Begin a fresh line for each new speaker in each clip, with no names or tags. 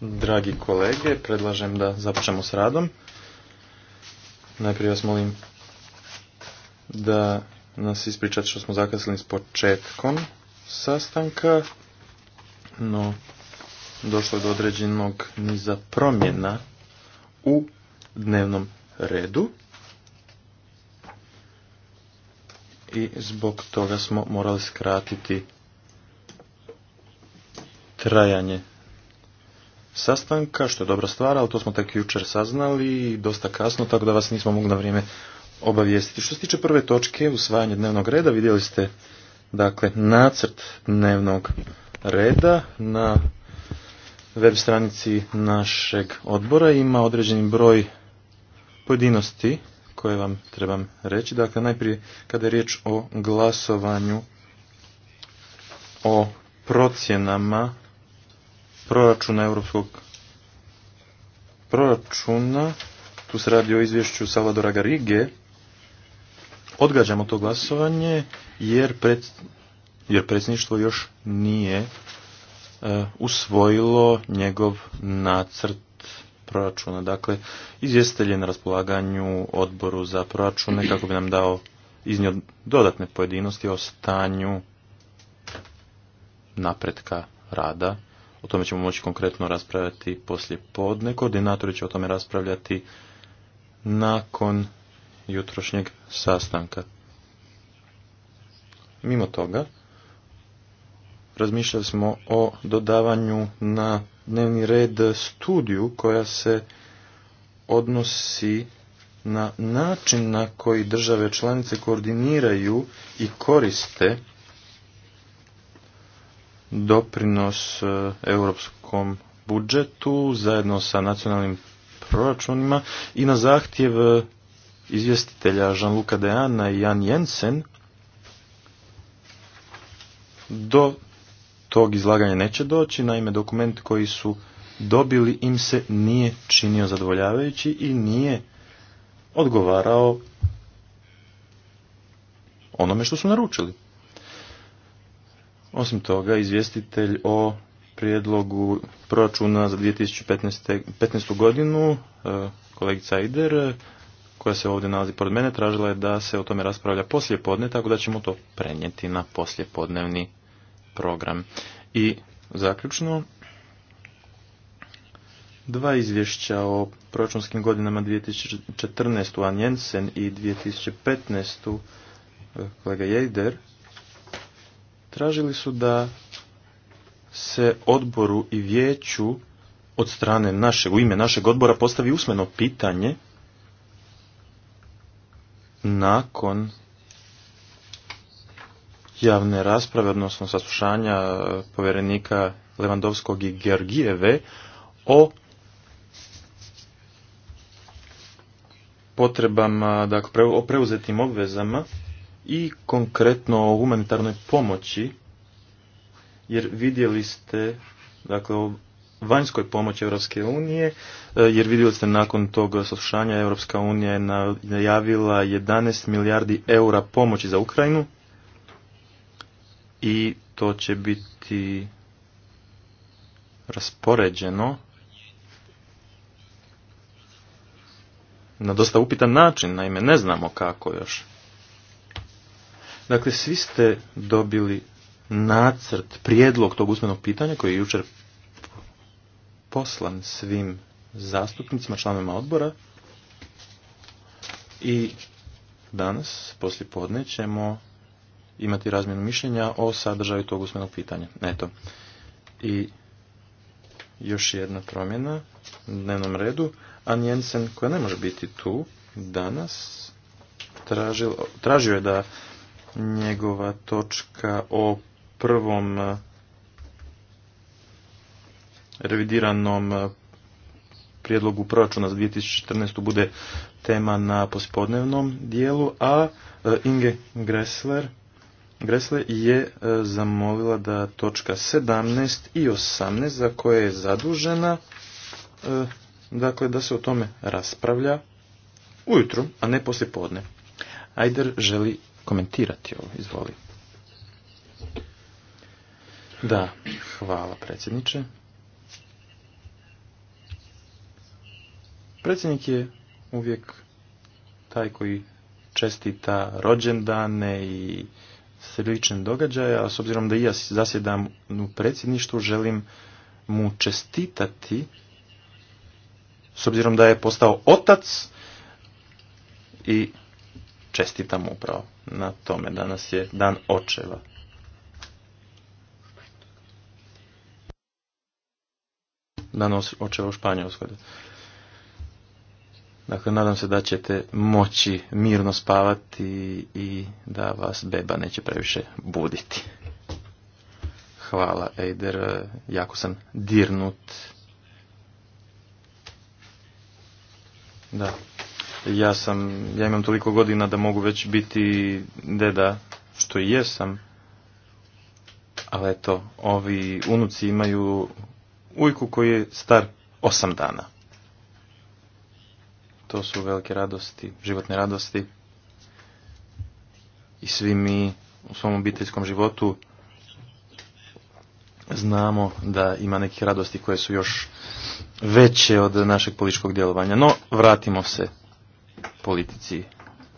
Dragi kolege, predlažem da započnemo s radom. Najprije vas molim da nas ispričate što smo zakasili s početkom sastanka, no došlo je do određenog niza promjena u dnevnom redu i zbog toga smo morali skratiti trajanje sastanka, što je dobra stvar, ali to smo tek jučer saznali i dosta kasno, tako da vas nismo mogli na vrijeme obavijestiti. Što se tiče prve točke, usvajanje dnevnog reda, vidjeli ste dakle nacrt dnevnog reda na web stranici našeg odbora ima određeni broj pojedinosti koje vam trebam reći. Dakle, najprije kada je riječ o glasovanju o procjenama proračuna europskog proračuna, tu se radi o izvješću Salvadora Garige, odgađamo to glasovanje jer, pred, jer predsjedništvo još nije e, usvojilo njegov nacrt proračuna. Dakle, izvjestitelj je na raspolaganju odboru za proračune kako bi nam dao iznio dodatne pojedinosti o stanju napretka rada o tome ćemo moći konkretno raspravljati poslije podne. Koordinatori će o tome raspravljati nakon jutrošnjeg sastanka. Mimo toga, razmišljali smo o dodavanju na dnevni red studiju koja se odnosi na način na koji države članice koordiniraju i koriste doprinos e, europskom budžetu zajedno sa nacionalnim proračunima i na zahtjev e, izvjestitelja Jean-Luca Deana i Jan Jensen do tog izlaganja neće doći, naime dokument koji su dobili im se nije činio zadovoljavajući i nije odgovarao onome što su naručili. Osim toga, izvjestitelj o prijedlogu proračuna za 2015. godinu, e, kolegica Ider, e, koja se ovdje nalazi pored mene, tražila je da se o tome raspravlja poslije podne, tako da ćemo to prenijeti na poslije podnevni program. I zaključno, dva izvješća o proračunskim godinama 2014. Anjensen i 2015. E, kolega Jejder, tražili su da se odboru i vijeću od strane našeg, u ime našeg odbora postavi usmeno pitanje nakon javne rasprave, odnosno saslušanja e, povjerenika Levandovskog i Georgijeve o potrebama, dakle, o preuzetim obvezama i konkretno o humanitarnoj pomoći, jer vidjeli ste, dakle, o vanjskoj pomoći Europske unije, e, jer vidjeli ste nakon tog slušanja, Europska unija je najavila 11 milijardi eura pomoći za Ukrajinu i to će biti raspoređeno na dosta upitan način, naime ne znamo kako još. Dakle, svi ste dobili nacrt, prijedlog tog usmenog pitanja koji je jučer poslan svim zastupnicima, članovima odbora i danas, poslije podne, ćemo imati razmjenu mišljenja o sadržaju tog usmenog pitanja. Eto. I još jedna promjena u dnevnom redu. a Jensen, koja ne može biti tu danas, tražio je da njegova točka o prvom e, revidiranom e, prijedlogu proračuna za 2014. bude tema na pospodnevnom dijelu, a e, Inge Gressler je zamolila da točka 17 i 18 za koje je zadužena, dakle da se o tome raspravlja ujutro, a ne poslije podne. želi komentirati ovo. Izvoli. Da, hvala predsjedniče. Predsjednik je uvijek taj koji čestita rođendane i slične događaje, a s obzirom da i ja zasjedam u predsjedništvu, želim mu čestitati, s obzirom da je postao otac i čestitam upravo na tome. Danas je dan očeva. Dan očeva u Španjolskoj. Dakle, nadam se da ćete moći mirno spavati i da vas beba neće previše buditi. Hvala, Ejder. Jako sam dirnut. Da, ja sam, ja imam toliko godina da mogu već biti deda što i jesam, ali eto, ovi unuci imaju ujku koji je star osam dana. To su velike radosti, životne radosti. I svi mi u svom obiteljskom životu znamo da ima nekih radosti koje su još veće od našeg političkog djelovanja. No, vratimo se politici.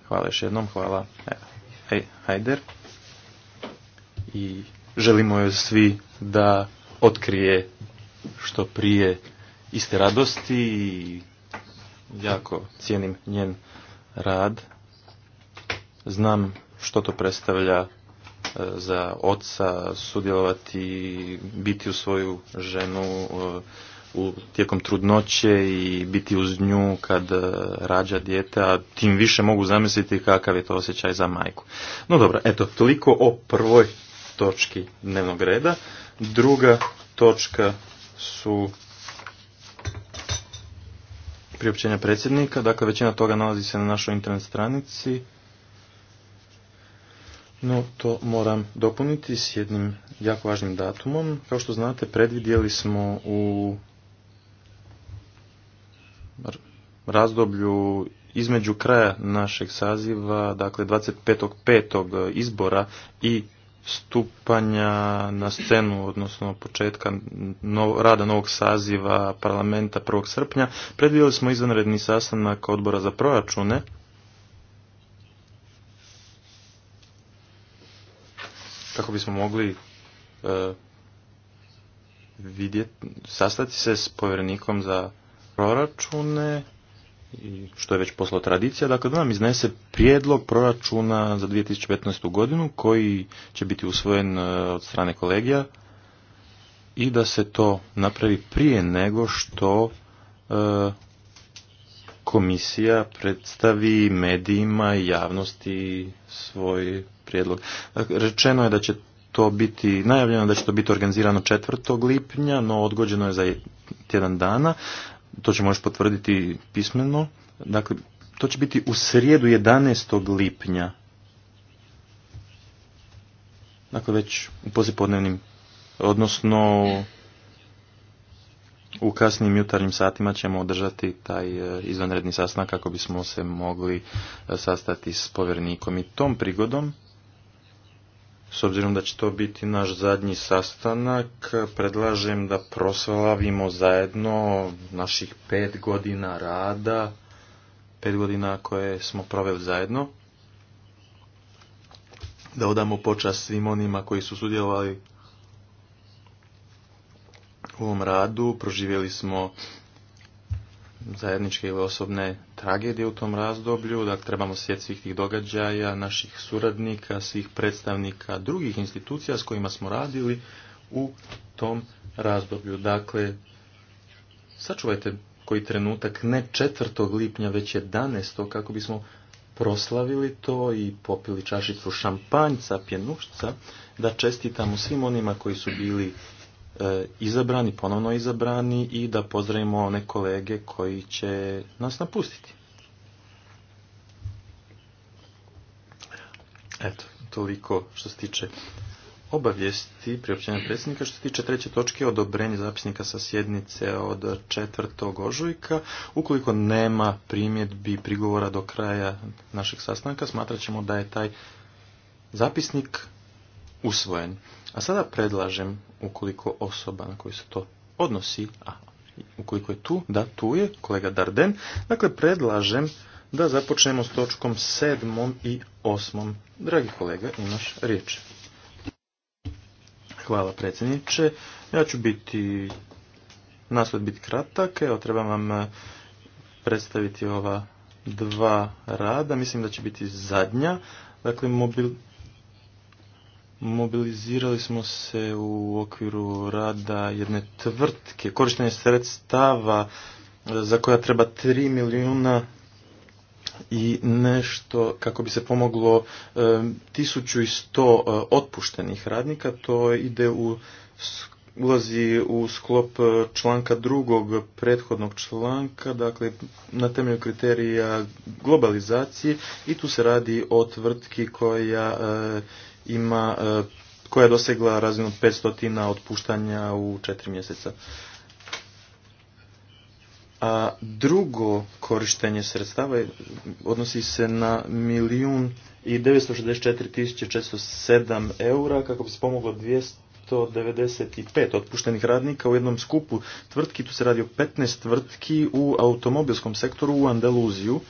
Hvala još jednom, hvala e, e, Hajder. I želimo joj svi da otkrije što prije iste radosti i jako cijenim njen rad. Znam što to predstavlja e, za oca sudjelovati, biti u svoju ženu, u, tijekom trudnoće i biti uz nju kad e, rađa dijete, a tim više mogu zamisliti kakav je to osjećaj za majku. No dobro, eto, toliko o prvoj točki dnevnog reda. Druga točka su priopćenja predsjednika, dakle većina toga nalazi se na našoj internet stranici. No, to moram dopuniti s jednim jako važnim datumom. Kao što znate, predvidjeli smo u razdoblju između kraja našeg saziva, dakle 25.5. izbora i stupanja na scenu, odnosno početka rada novog saziva parlamenta 1. srpnja, predvidjeli smo izvanredni sastanak odbora za proračune. Kako bismo mogli e, vidjeti, sastati se s povjerenikom za proračune, što je već poslo tradicija, dakle da nam iznese prijedlog proračuna za 2015. godinu koji će biti usvojen e, od strane kolegija i da se to napravi prije nego što e, komisija predstavi medijima i javnosti svoj prijedlog. Dakle, rečeno je da će to biti, najavljeno da će to biti organizirano 4. lipnja, no odgođeno je za tjedan dana to će još potvrditi pismeno, dakle, to će biti u srijedu 11. lipnja. Dakle, već u poslijepodnevnim, odnosno u kasnim jutarnjim satima ćemo održati taj e, izvanredni sastanak kako bismo se mogli e, sastati s povjernikom i tom prigodom s obzirom da će to biti naš zadnji sastanak, predlažem da proslavimo zajedno naših pet godina rada, pet godina koje smo proveli zajedno. Da odamo počast svim onima koji su sudjelovali u ovom radu. Proživjeli smo zajedničke ili osobne tragedije u tom razdoblju, da trebamo sjetiti svih tih događaja, naših suradnika, svih predstavnika drugih institucija s kojima smo radili u tom razdoblju. Dakle, sačuvajte koji trenutak ne 4. lipnja, već 11. kako bismo proslavili to i popili čašicu šampanjca, pjenušca, da čestitamo svim onima koji su bili E, izabrani, ponovno izabrani i da pozdravimo one kolege koji će nas napustiti. Eto, toliko što se tiče obavijesti priopćenja predsjednika što se tiče treće točke odobrenje zapisnika sa sjednice od četvrtog ožujka. Ukoliko nema primjedbi prigovora do kraja našeg sastanka, smatraćemo da je taj zapisnik usvojen. A sada predlažem, ukoliko osoba na koju se to odnosi, a ukoliko je tu, da tu je, kolega Darden, dakle predlažem da započnemo s točkom sedmom i osmom. Dragi kolega, imaš riječ. Hvala predsjedniče. Ja ću biti, nasled biti kratak. Evo, trebam vam eh, predstaviti ova dva rada. Mislim da će biti zadnja. Dakle, mobil, Mobilizirali smo se u okviru rada jedne tvrtke, korištenje sredstava e, za koja treba 3 milijuna i nešto kako bi se pomoglo 1100 e, e, otpuštenih radnika. To ide u ulazi u sklop članka drugog prethodnog članka, dakle na temelju kriterija globalizacije i tu se radi o tvrtki koja ima, e, koja je dosegla razinu 500 otpuštanja u četiri mjeseca. A drugo korištenje sredstava odnosi se na milijun i 964.407 eura kako bi se pomoglo 295 otpuštenih radnika u jednom skupu tvrtki. Tu se radi o 15 tvrtki u automobilskom sektoru u Andaluziju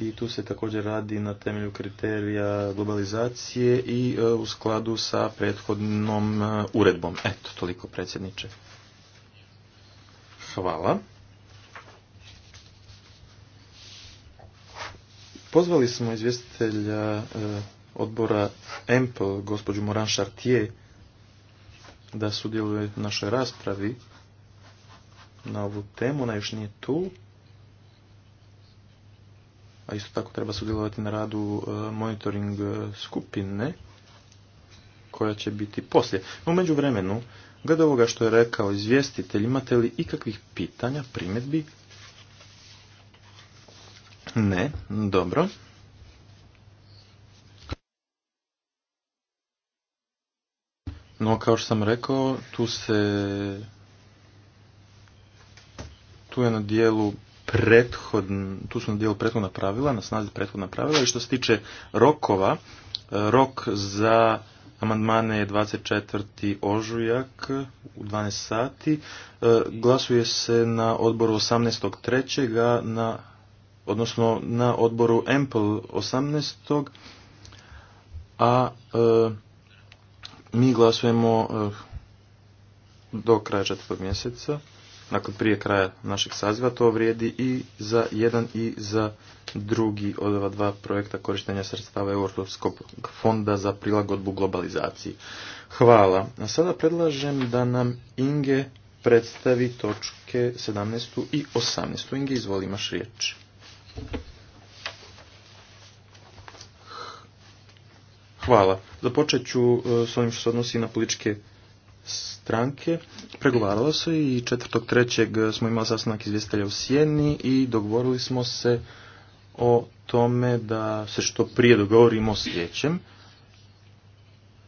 i tu se također radi na temelju kriterija globalizacije i e, u skladu sa prethodnom e, uredbom. Eto, toliko predsjedniče. Hvala. Pozvali smo izvjestitelja e, odbora EMPL, gospođu Moran Chartier, da sudjeluje u našoj raspravi na ovu temu. Ona još nije tu a isto tako treba sudjelovati na radu e, monitoring e, skupine koja će biti poslije. No, međuvremenu, vremenu, glede ovoga što je rekao izvjestitelj, imate li ikakvih pitanja, primjedbi? Ne, dobro. No, kao što sam rekao, tu se tu je na dijelu tu smo na dijelu prethodna pravila, na snazi prethodna pravila i što se tiče rokova, rok za amandmane je 24. ožujak u 12 sati, e, glasuje se na odboru 18.3. na odnosno na odboru EMPL 18. a e, mi glasujemo e, do kraja četvrtog mjeseca nakon prije kraja našeg saziva, to vrijedi i za jedan i za drugi od ova dva projekta korištenja sredstava Europskog fonda za prilagodbu globalizaciji. Hvala. A sada predlažem da nam Inge predstavi točke 17. i 18. Inge, izvoli imaš riječ. Hvala. Započet ću eh, s onim što se odnosi na političke stranke. Pregovaralo se i 4.3. smo imali sastanak izvjestitelja u Sjeni i dogovorili smo se o tome da se što prije dogovorimo s vijećem.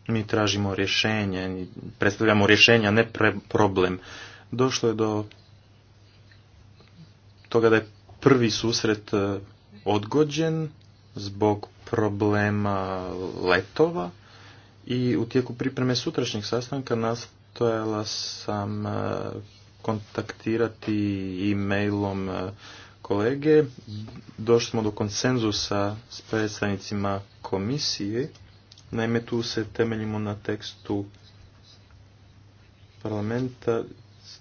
Mi tražimo rješenje, predstavljamo rješenja, ne problem. Došlo je do toga da je prvi susret e, odgođen zbog problema letova i u tijeku pripreme sutrašnjeg sastanka nastojala sam e, kontaktirati e-mailom e, kolege. Došli smo do konsenzusa s predstavnicima komisije. Naime, tu se temeljimo na tekstu parlamenta.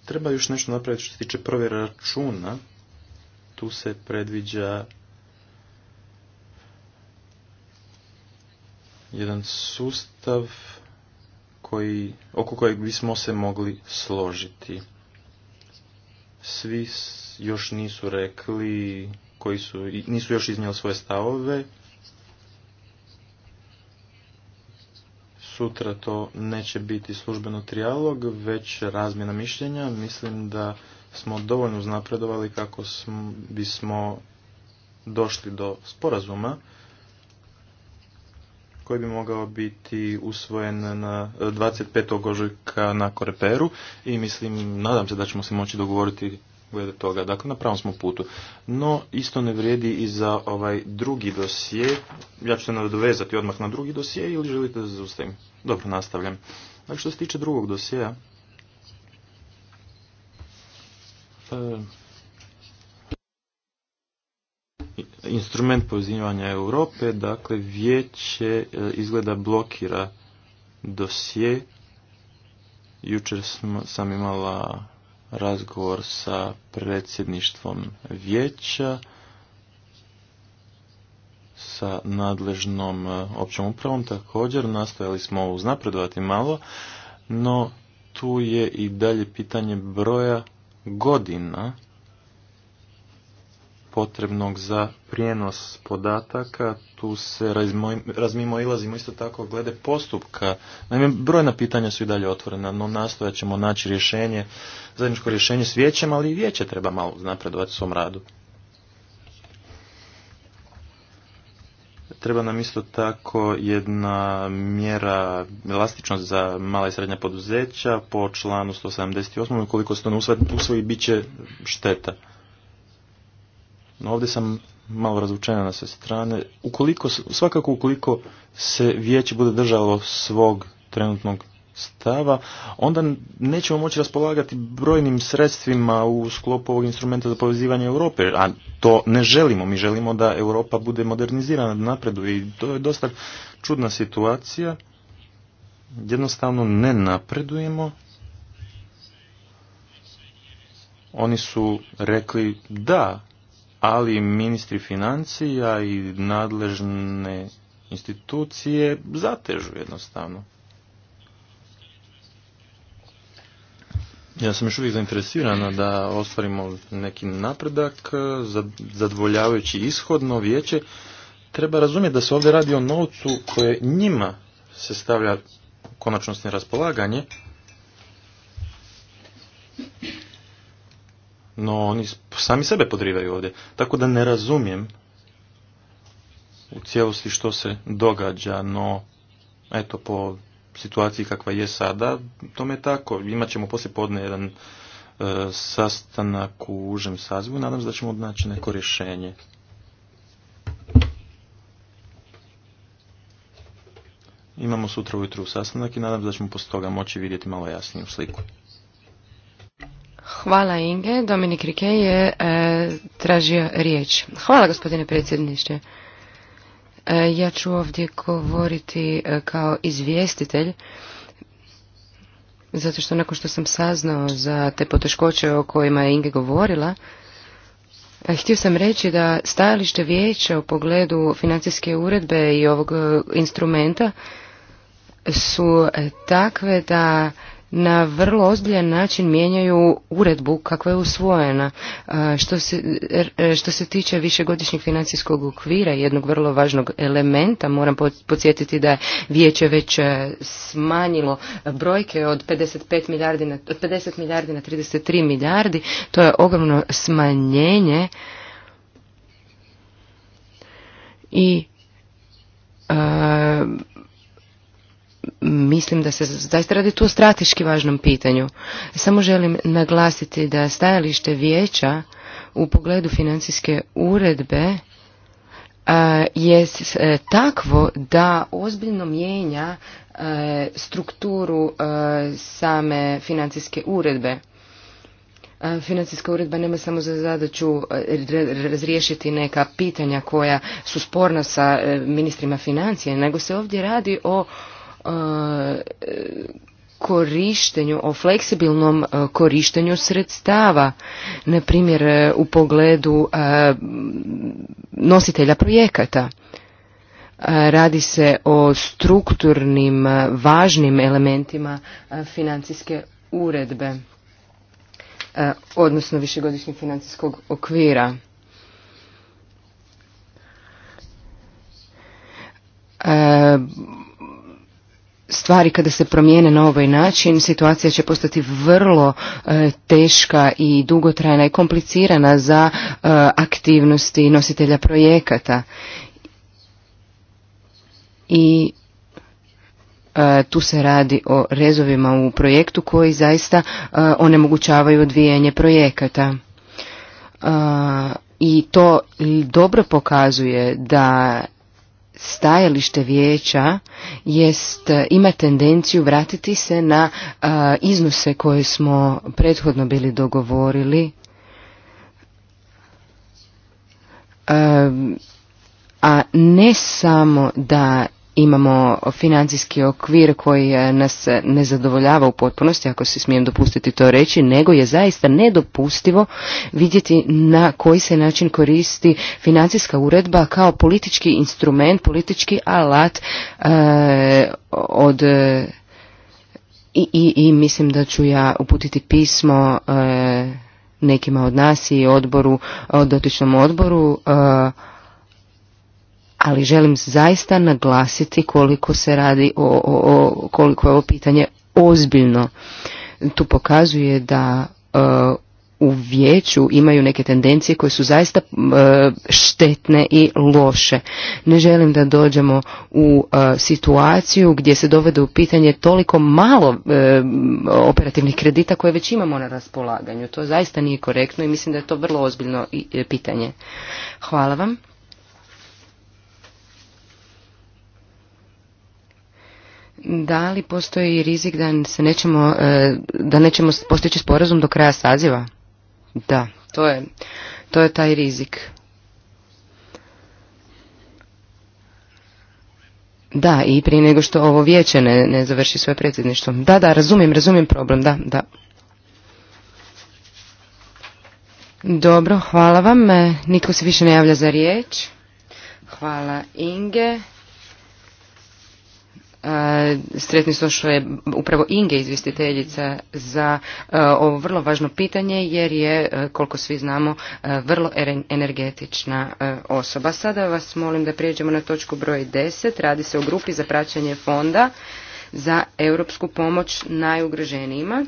Treba još nešto napraviti što se tiče provjera računa. Tu se predviđa jedan sustav koji, oko kojeg bismo se mogli složiti. Svi još nisu rekli, koji su, nisu još iznijeli svoje stavove. Sutra to neće biti službeno trijalog, već razmjena mišljenja. Mislim da smo dovoljno napredovali kako bismo došli do sporazuma koji bi mogao biti usvojen na 25. E, ožujka na Koreperu i mislim, nadam se da ćemo se moći dogovoriti glede toga. Dakle, na pravom smo putu. No, isto ne vrijedi i za ovaj drugi dosije. Ja ću se nadovezati odmah na drugi dosije ili želite da zaustavim? Dobro, nastavljam. Dakle, što se tiče drugog dosija, e, instrument povezivanja Europe, dakle vijeće e, izgleda blokira dosje. Jučer sam imala razgovor sa predsjedništvom vijeća, sa nadležnom e, općom upravom također, nastojali smo uznapredovati malo, no tu je i dalje pitanje broja godina potrebnog za prijenos podataka. Tu se razmimo ilazimo isto tako glede postupka. Naime, brojna pitanja su i dalje otvorena, no nastojat ćemo naći rješenje, zajedničko rješenje s vijećem, ali i vijeće treba malo napredovati u svom radu. Treba nam isto tako jedna mjera elastičnost za mala i srednja poduzeća po članu 178. Ukoliko se to ne usvoji, bit će šteta. No ovdje sam malo razvučena na sve strane. Ukoliko, svakako ukoliko se vijeće bude držalo svog trenutnog stava, onda nećemo moći raspolagati brojnim sredstvima u sklopu ovog instrumenta za povezivanje Europe, a to ne želimo. Mi želimo da Europa bude modernizirana, napredu i to je dosta čudna situacija. Jednostavno ne napredujemo. Oni su rekli da, ali ministri financija i nadležne institucije zatežu jednostavno. Ja sam još uvijek zainteresirana da ostvarimo neki napredak, eh, zadovoljavajući ishodno vijeće. Treba razumjeti da se ovdje radi o novcu koje njima se stavlja konačnostne raspolaganje, no oni sami sebe podrivaju ovdje. Tako da ne razumijem u cijelosti što se događa, no eto po situaciji kakva je sada, tome je tako. Imat ćemo poslije podne jedan e, sastanak u užem sazivu, nadam se da ćemo odnaći neko rješenje. Imamo sutra ujutru sastanak i nadam se da ćemo poslije toga moći vidjeti malo jasniju sliku.
Hvala Inge. Dominik Rike je e, tražio riječ. Hvala gospodine predsjedniče. E, ja ću ovdje govoriti e, kao izvjestitelj zato što nakon što sam saznao za te poteškoće o kojima je Inge govorila, Htio sam reći da stajalište vijeća u pogledu financijske uredbe i ovog instrumenta su takve da na vrlo ozbiljan način mijenjaju uredbu kakva je usvojena. Što se, e, što se tiče višegodišnjeg financijskog okvira, jednog vrlo važnog elementa, moram podsjetiti da je vijeće već e, smanjilo brojke od 55 milijardi na, od 50 milijardi na 33 milijardi. To je ogromno smanjenje i mislim da se zaista radi tu o strateški važnom pitanju. Samo želim naglasiti da stajalište vijeća u pogledu financijske uredbe je e, takvo da ozbiljno mijenja e, strukturu e, same financijske uredbe. Financijska uredba nema samo za zadaću razriješiti neka pitanja koja su sporna sa ministrima financije, nego se ovdje radi o E, korištenju, o fleksibilnom e, korištenju sredstava, na primjer e, u pogledu nositelja projekata. Radi se o strukturnim važnim elementima financijske uredbe, odnosno višegodišnjeg financijskog okvira stvari kada se promijene na ovaj način, situacija će postati vrlo e, teška i dugotrajna i komplicirana za e, aktivnosti nositelja projekata. I e, tu se radi o rezovima u projektu koji zaista onemogućavaju odvijanje projekata. I to dobro pokazuje da stajalište vijeća jest e, ima tendenciju vratiti se na e, iznose koje smo prethodno bili dogovorili e, a ne samo da imamo financijski okvir koji eh, nas eh, ne zadovoljava u potpunosti, ako se smijem dopustiti to reći, nego je zaista nedopustivo vidjeti na koji se način koristi financijska uredba kao politički instrument, politički alat eh, od i, i, mislim da ću ja uputiti pismo nekima od nas i odboru, dotičnom odboru ali želim zaista naglasiti koliko se radi o, o, koliko je ovo pitanje ozbiljno tu pokazuje da e, u vijeću imaju neke tendencije koje su zaista e, štetne i loše ne želim da dođemo u e, situaciju gdje se dovede u pitanje toliko malo operativnih kredita koje već imamo na raspolaganju to zaista nije korektno i mislim da je to vrlo ozbiljno pitanje hvala vam Da li postoji rizik da se nećemo, e, da nećemo postići sporazum do kraja saziva? Da, to je, to je taj rizik. Da, i prije nego što ovo vijeće ne, završi svoje predsjedništvo. Da, da, razumijem, razumijem problem, da, da. Dobro, hvala vam. E, niko se više ne javlja za riječ. Hvala Inge. E, sretni smo što je upravo Inge izvjestiteljica za e, ovo vrlo važno pitanje jer je, e, koliko svi znamo, vrlo energetična osoba. Sada vas molim da prijeđemo na točku broj 10. Radi se o grupi za praćanje fonda za europsku pomoć najugroženijima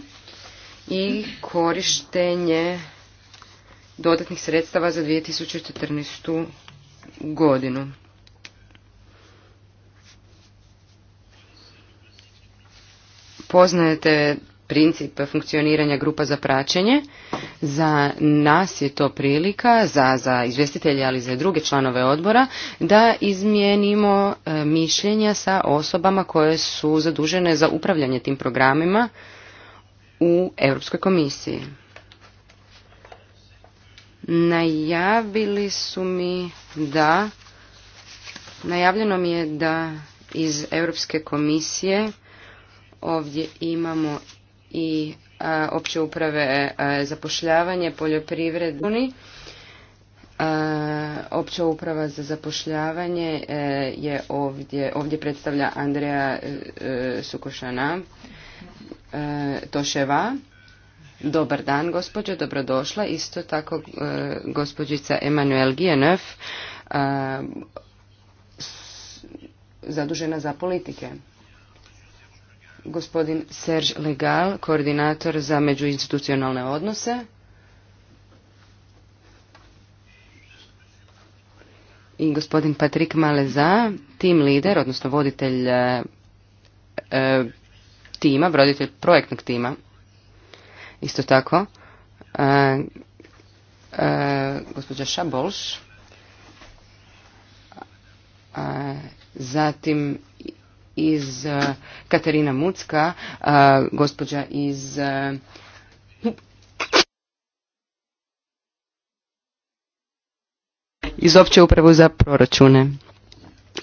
i korištenje dodatnih sredstava za 2014. godinu. poznajete princip funkcioniranja grupa za praćenje. Za nas je to prilika, za, za izvjestitelje, ali i za druge članove odbora, da izmijenimo e, mišljenja sa osobama koje su zadužene za upravljanje tim programima u Europskoj komisiji. Najavili su mi da, najavljeno mi je da iz Europske komisije Ovdje imamo i opće uprave zapošljavanje, poljoprivredni. opća uprava za zapošljavanje e, je ovdje, ovdje predstavlja Andreja e, Sukošana e, Toševa. Dobar dan, gospođo, dobrodošla. Isto tako gospođica Emanuel Gijenev, zadužena za politike. Gospodin Serge Legal, koordinator za međuinstitucionalne odnose. I gospodin Patrik Maleza, tim lider, odnosno voditelj e, e, tima, voditelj projektnog tima. Isto tako, e, e gospođa Šabolš, zatim iz e, Katarina Mucka, e, gospođa iz e, iz opće upravo za proračune.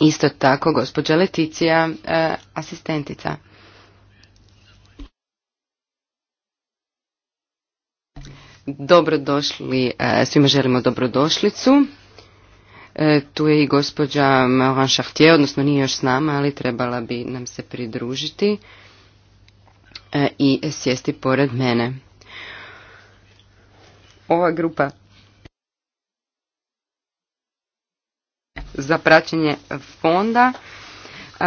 Isto tako gospođa Leticija, asistentica. Dobrodošli, svima želimo dobrodošlicu. E, tu je i gospođa Moran Chartier, odnosno nije još s nama, ali trebala bi nam se pridružiti e, i sjesti pored mene. Ova grupa za praćenje fonda e,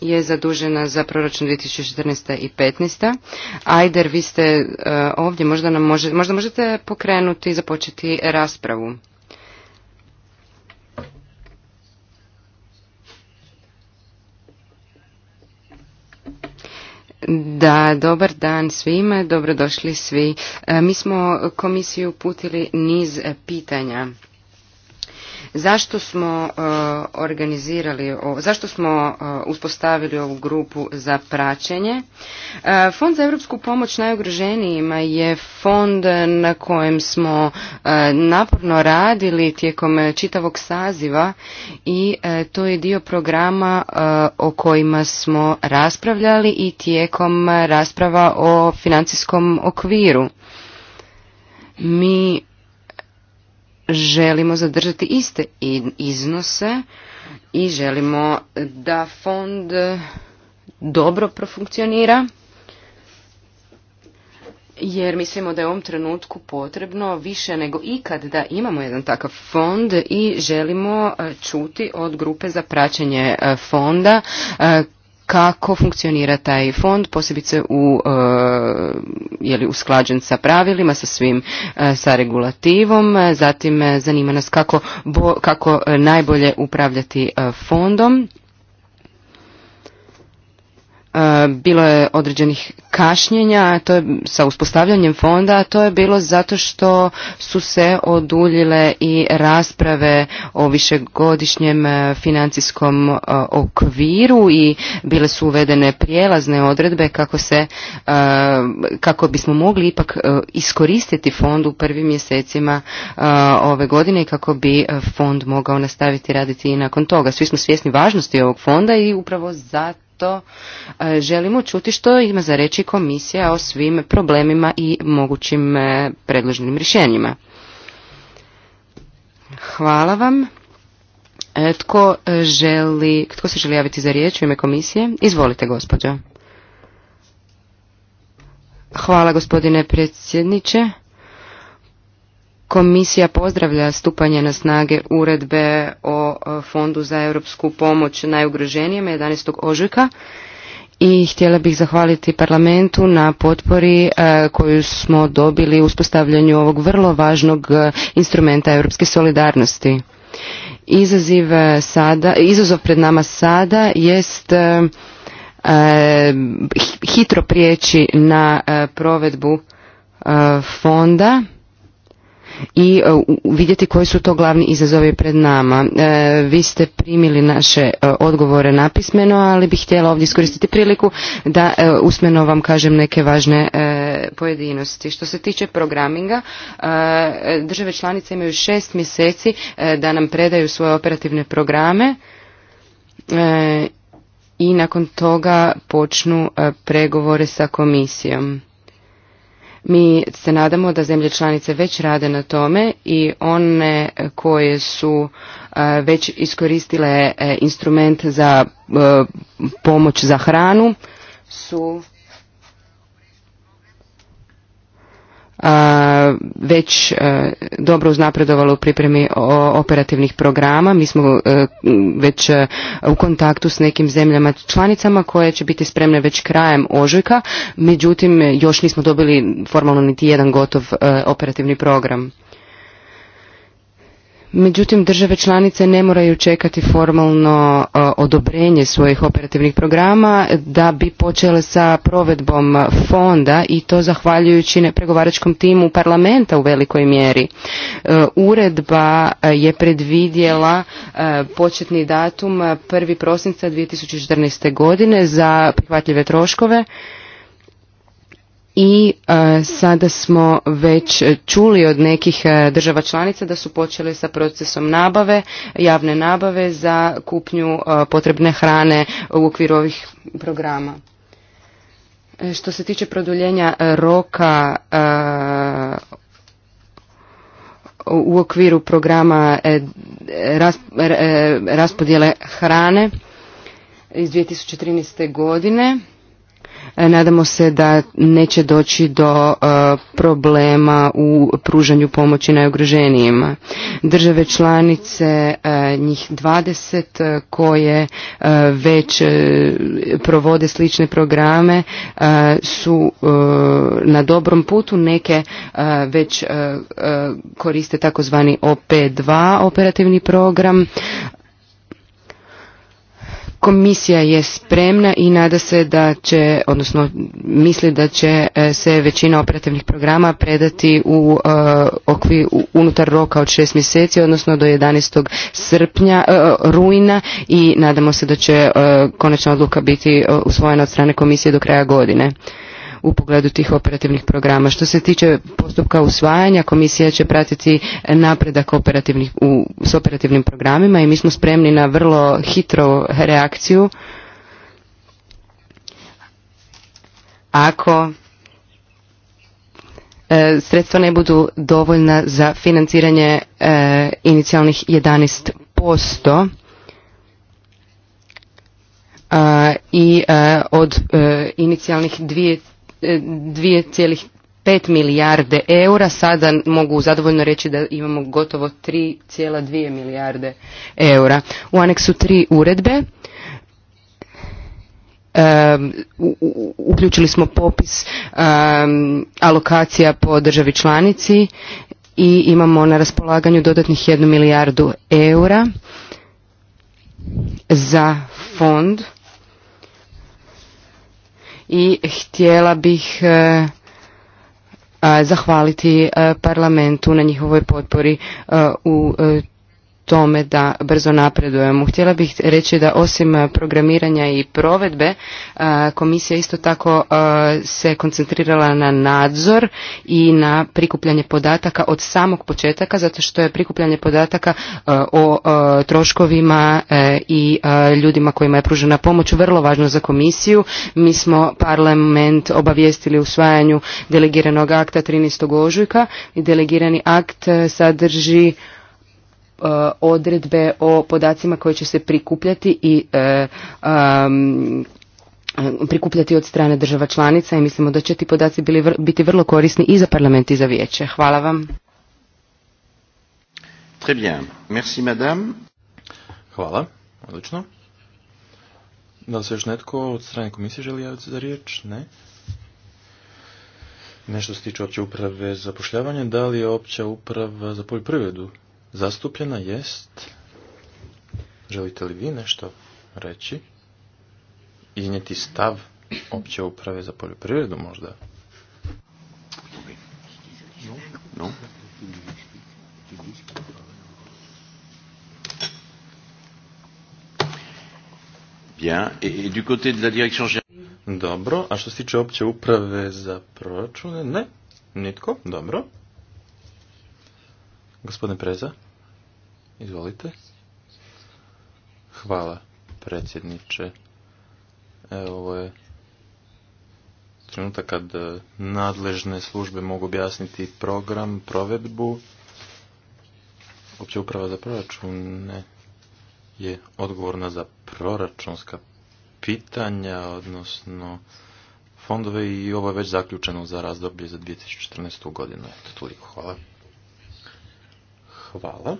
je zadužena za proračun 2014. i 2015. Ajder, vi ste ovdje, možda, nam možda možete pokrenuti i započeti raspravu. Da, dobar dan svima, dobrodošli svi. E, mi smo komisiju uputili niz pitanja. Zašto smo e, organizirali, zašto smo e, uspostavili ovu grupu za praćenje? E, fond za europsku pomoć najugroženijima je fond na kojem smo naporno radili tijekom čitavog saziva i to je dio programa o kojima smo raspravljali i tijekom rasprava o financijskom okviru. Mi želimo zadržati iste iznose i želimo da fond dobro profunkcionira jer mislimo da je u ovom trenutku potrebno više nego ikad da imamo jedan takav fond i želimo e, čuti od grupe za praćenje e, fonda e, kako funkcionira taj fond, posebice u, e, je li usklađen sa pravilima, sa svim, e, sa regulativom. E, zatim zanima nas kako, kako najbolje upravljati fondom E, bilo je određenih kašnjenja to je sa uspostavljanjem fonda a to je bilo zato što su se oduljile i rasprave o višegodišnjem e, financijskom e, okviru i bile su uvedene prijelazne odredbe kako se kako bismo mogli ipak iskoristiti fond u prvim mjesecima ove godine i kako bi fond mogao nastaviti raditi i nakon toga svi smo svjesni važnosti ovog fonda i upravo zato zato e, želimo čuti što ima za reći komisija o svim problemima i mogućim e, predloženim rješenjima. Hvala vam. E, tko, želi, tko se želi javiti za riječ u ime komisije? Izvolite, gospođo. Hvala, gospodine predsjedniče. Komisija pozdravlja stupanje na snage uredbe o e, Fondu za europsku pomoć najugroženijima 11. ožujka i htjela bih zahvaliti parlamentu na potpori e, koju smo dobili u uspostavljanju ovog vrlo važnog e, instrumenta europske solidarnosti. Izaziv sada, izazov pred nama sada jest hitro prijeći na provedbu fonda i e, vidjeti koji su to glavni izazovi pred nama. E, vi ste primili naše e, odgovore napismeno, ali bih htjela ovdje iskoristiti priliku da usmeno vam kažem neke važne pojedinosti. Što se tiče programinga, države članice imaju šest mjeseci da nam predaju svoje operativne programe i nakon toga počnu pregovore sa komisijom. Mi se nadamo da zemlje članice već rade na tome i one koje su e, već iskoristile e, instrument za e, pomoć za hranu su već e, dobro uznapredovalo u pripremi operativnih programa. Mi smo e, već e, u kontaktu s nekim zemljama članicama koje će biti spremne već krajem ožujka, međutim još nismo dobili formalno niti jedan gotov operativni program. Međutim, države članice ne moraju čekati formalno e, odobrenje svojih operativnih programa da bi počele sa provedbom fonda i to zahvaljujući pregovaračkom timu parlamenta u velikoj mjeri. E, uredba e, je predvidjela početni datum 1. prosinca 2014. godine za prihvatljive troškove i e, sada smo već čuli od nekih e, država članica da su počeli sa procesom nabave, javne nabave za kupnju e, potrebne hrane u okviru ovih programa. što se tiče produljenja roka u okviru programa raspodjele hrane iz 2013. godine, E, nadamo se da neće doći do e, problema u pružanju pomoći najugroženijima. Države članice, e, njih 20 koje već provode slične programe su na dobrom putu, neke već koriste takozvani OP2 operativni program Komisija je spremna i nada se da će, odnosno misli da će e, se većina operativnih programa predati u e, okvir unutar roka od šest mjeseci, odnosno do 11. srpnja, e, rujna i nadamo se da će konačna odluka biti usvojena od strane komisije do kraja godine u pogledu tih operativnih programa. Što se tiče postupka usvajanja, komisija će pratiti napredak operativnih, u, s operativnim programima i mi smo spremni na vrlo hitru reakciju ako e, sredstva ne budu dovoljna za financiranje e, inicijalnih 11% Uh, e, i od inicijalnih dvije 2,5 milijarde eura, sada mogu zadovoljno reći da imamo gotovo 3,2 milijarde eura. U aneksu tri uredbe uključili smo popis alokacija po državi članici i imamo na raspolaganju dodatnih 1 milijardu eura za fond i htjela bih e, e, zahvaliti e, parlamentu na njihovoj potpori u tome da brzo napredujemo. Htjela bih reći da osim eh, programiranja i provedbe, eh, komisija isto tako eh, se koncentrirala na nadzor i na prikupljanje podataka od samog početaka, zato što je prikupljanje podataka o troškovima i ljudima kojima je pružena pomoć vrlo važno za komisiju. Mi smo parlament obavijestili usvajanju delegiranog akta 13. ožujka i delegirani akt sadrži E, odredbe o podacima koje će se prikupljati i e, prikupljati od strane država članica i mislimo da će ti podaci biti vrlo korisni i za parlament i za vijeće. Hvala vam.
Très bien. Merci, madame. Hvala. Odlično. Da li se još netko od strane komisije želi javiti za riječ? Ne. Nešto se tiče opće uprave za pošljavanje. Da li je opća uprava za poljoprivredu zastupljena jest... Želite li vi nešto reći? Iznijeti stav opće uprave za poljoprivredu možda? No. Bien. Et du côté Dobro, a što se tiče opće uprave za proračune? Ne, nitko, dobro. Gospodine Preza, izvolite. Hvala, predsjedniče. Evo, ovo je trenutak kad e, nadležne službe mogu objasniti program, provedbu. Opće uprava za proračun ne je odgovorna za proračunska pitanja, odnosno fondove i ovo je već zaključeno za razdoblje za 2014. godinu. Eto, toliko. Hvala. Hvala.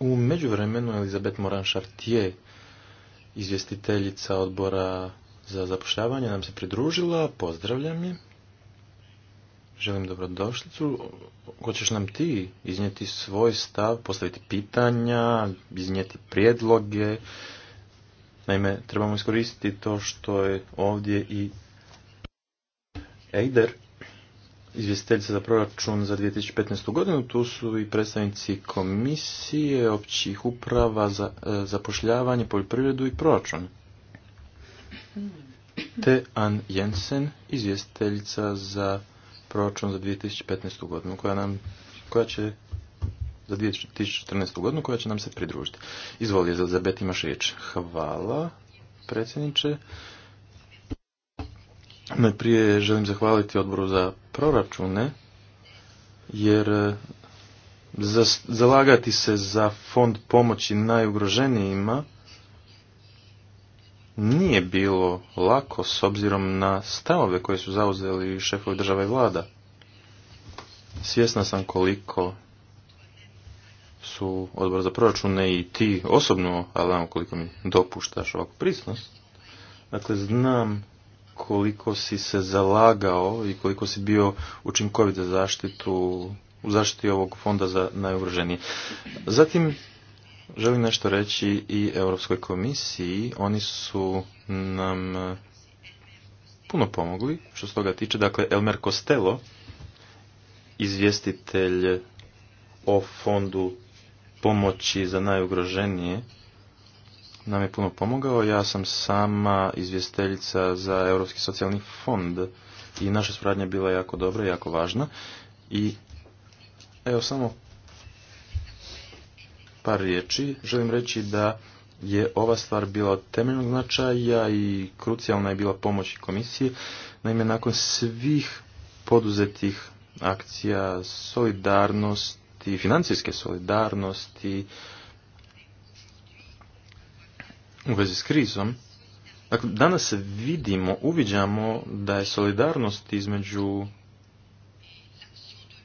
U međuvremenu Elizabeth Moran Chartier, izvjestiteljica odbora za zapošljavanje, nam se pridružila. Pozdravljam je. Želim dobrodošlicu. Hoćeš nam ti iznijeti svoj stav, postaviti pitanja, iznijeti prijedloge. Naime, trebamo iskoristiti to što je ovdje i Eider izvjestiteljica za proračun za 2015. godinu. Tu su i predstavnici komisije, općih uprava za e, zapošljavanje, poljoprivredu i proračun. Te Ann Jensen, izvjestiteljica za proračun za 2015. godinu, koja nam, koja će za 2014. godinu koja će nam se pridružiti. Izvoli, za imaš riječ. Hvala, predsjedniče. Najprije želim zahvaliti odboru za proračune, jer e, zalagati se za fond pomoći najugroženijima nije bilo lako s obzirom na stavove koje su zauzeli šefovi države i vlada. Svjesna sam koliko su odbor za proračune i ti osobno, ali koliko mi dopuštaš ovakvu prisnost. Dakle, znam koliko si se zalagao i koliko si bio učinkovit za zaštitu u zaštiti ovog fonda za najugroženije. Zatim želim nešto reći i Europskoj komisiji. Oni su nam e, puno pomogli što se toga tiče. Dakle, Elmer Costello, izvjestitelj o fondu pomoći za najugroženije nam je puno pomogao. Ja sam sama izvjesteljica za Europski socijalni fond i naša suradnja je bila jako dobra i jako važna. I evo samo par riječi. Želim reći da je ova stvar bila od temeljnog značaja i krucijalna je bila pomoć komisije. Naime, nakon svih poduzetih akcija solidarnosti, financijske solidarnosti, u vezi s krizom, dakle, danas vidimo, uviđamo da je solidarnost između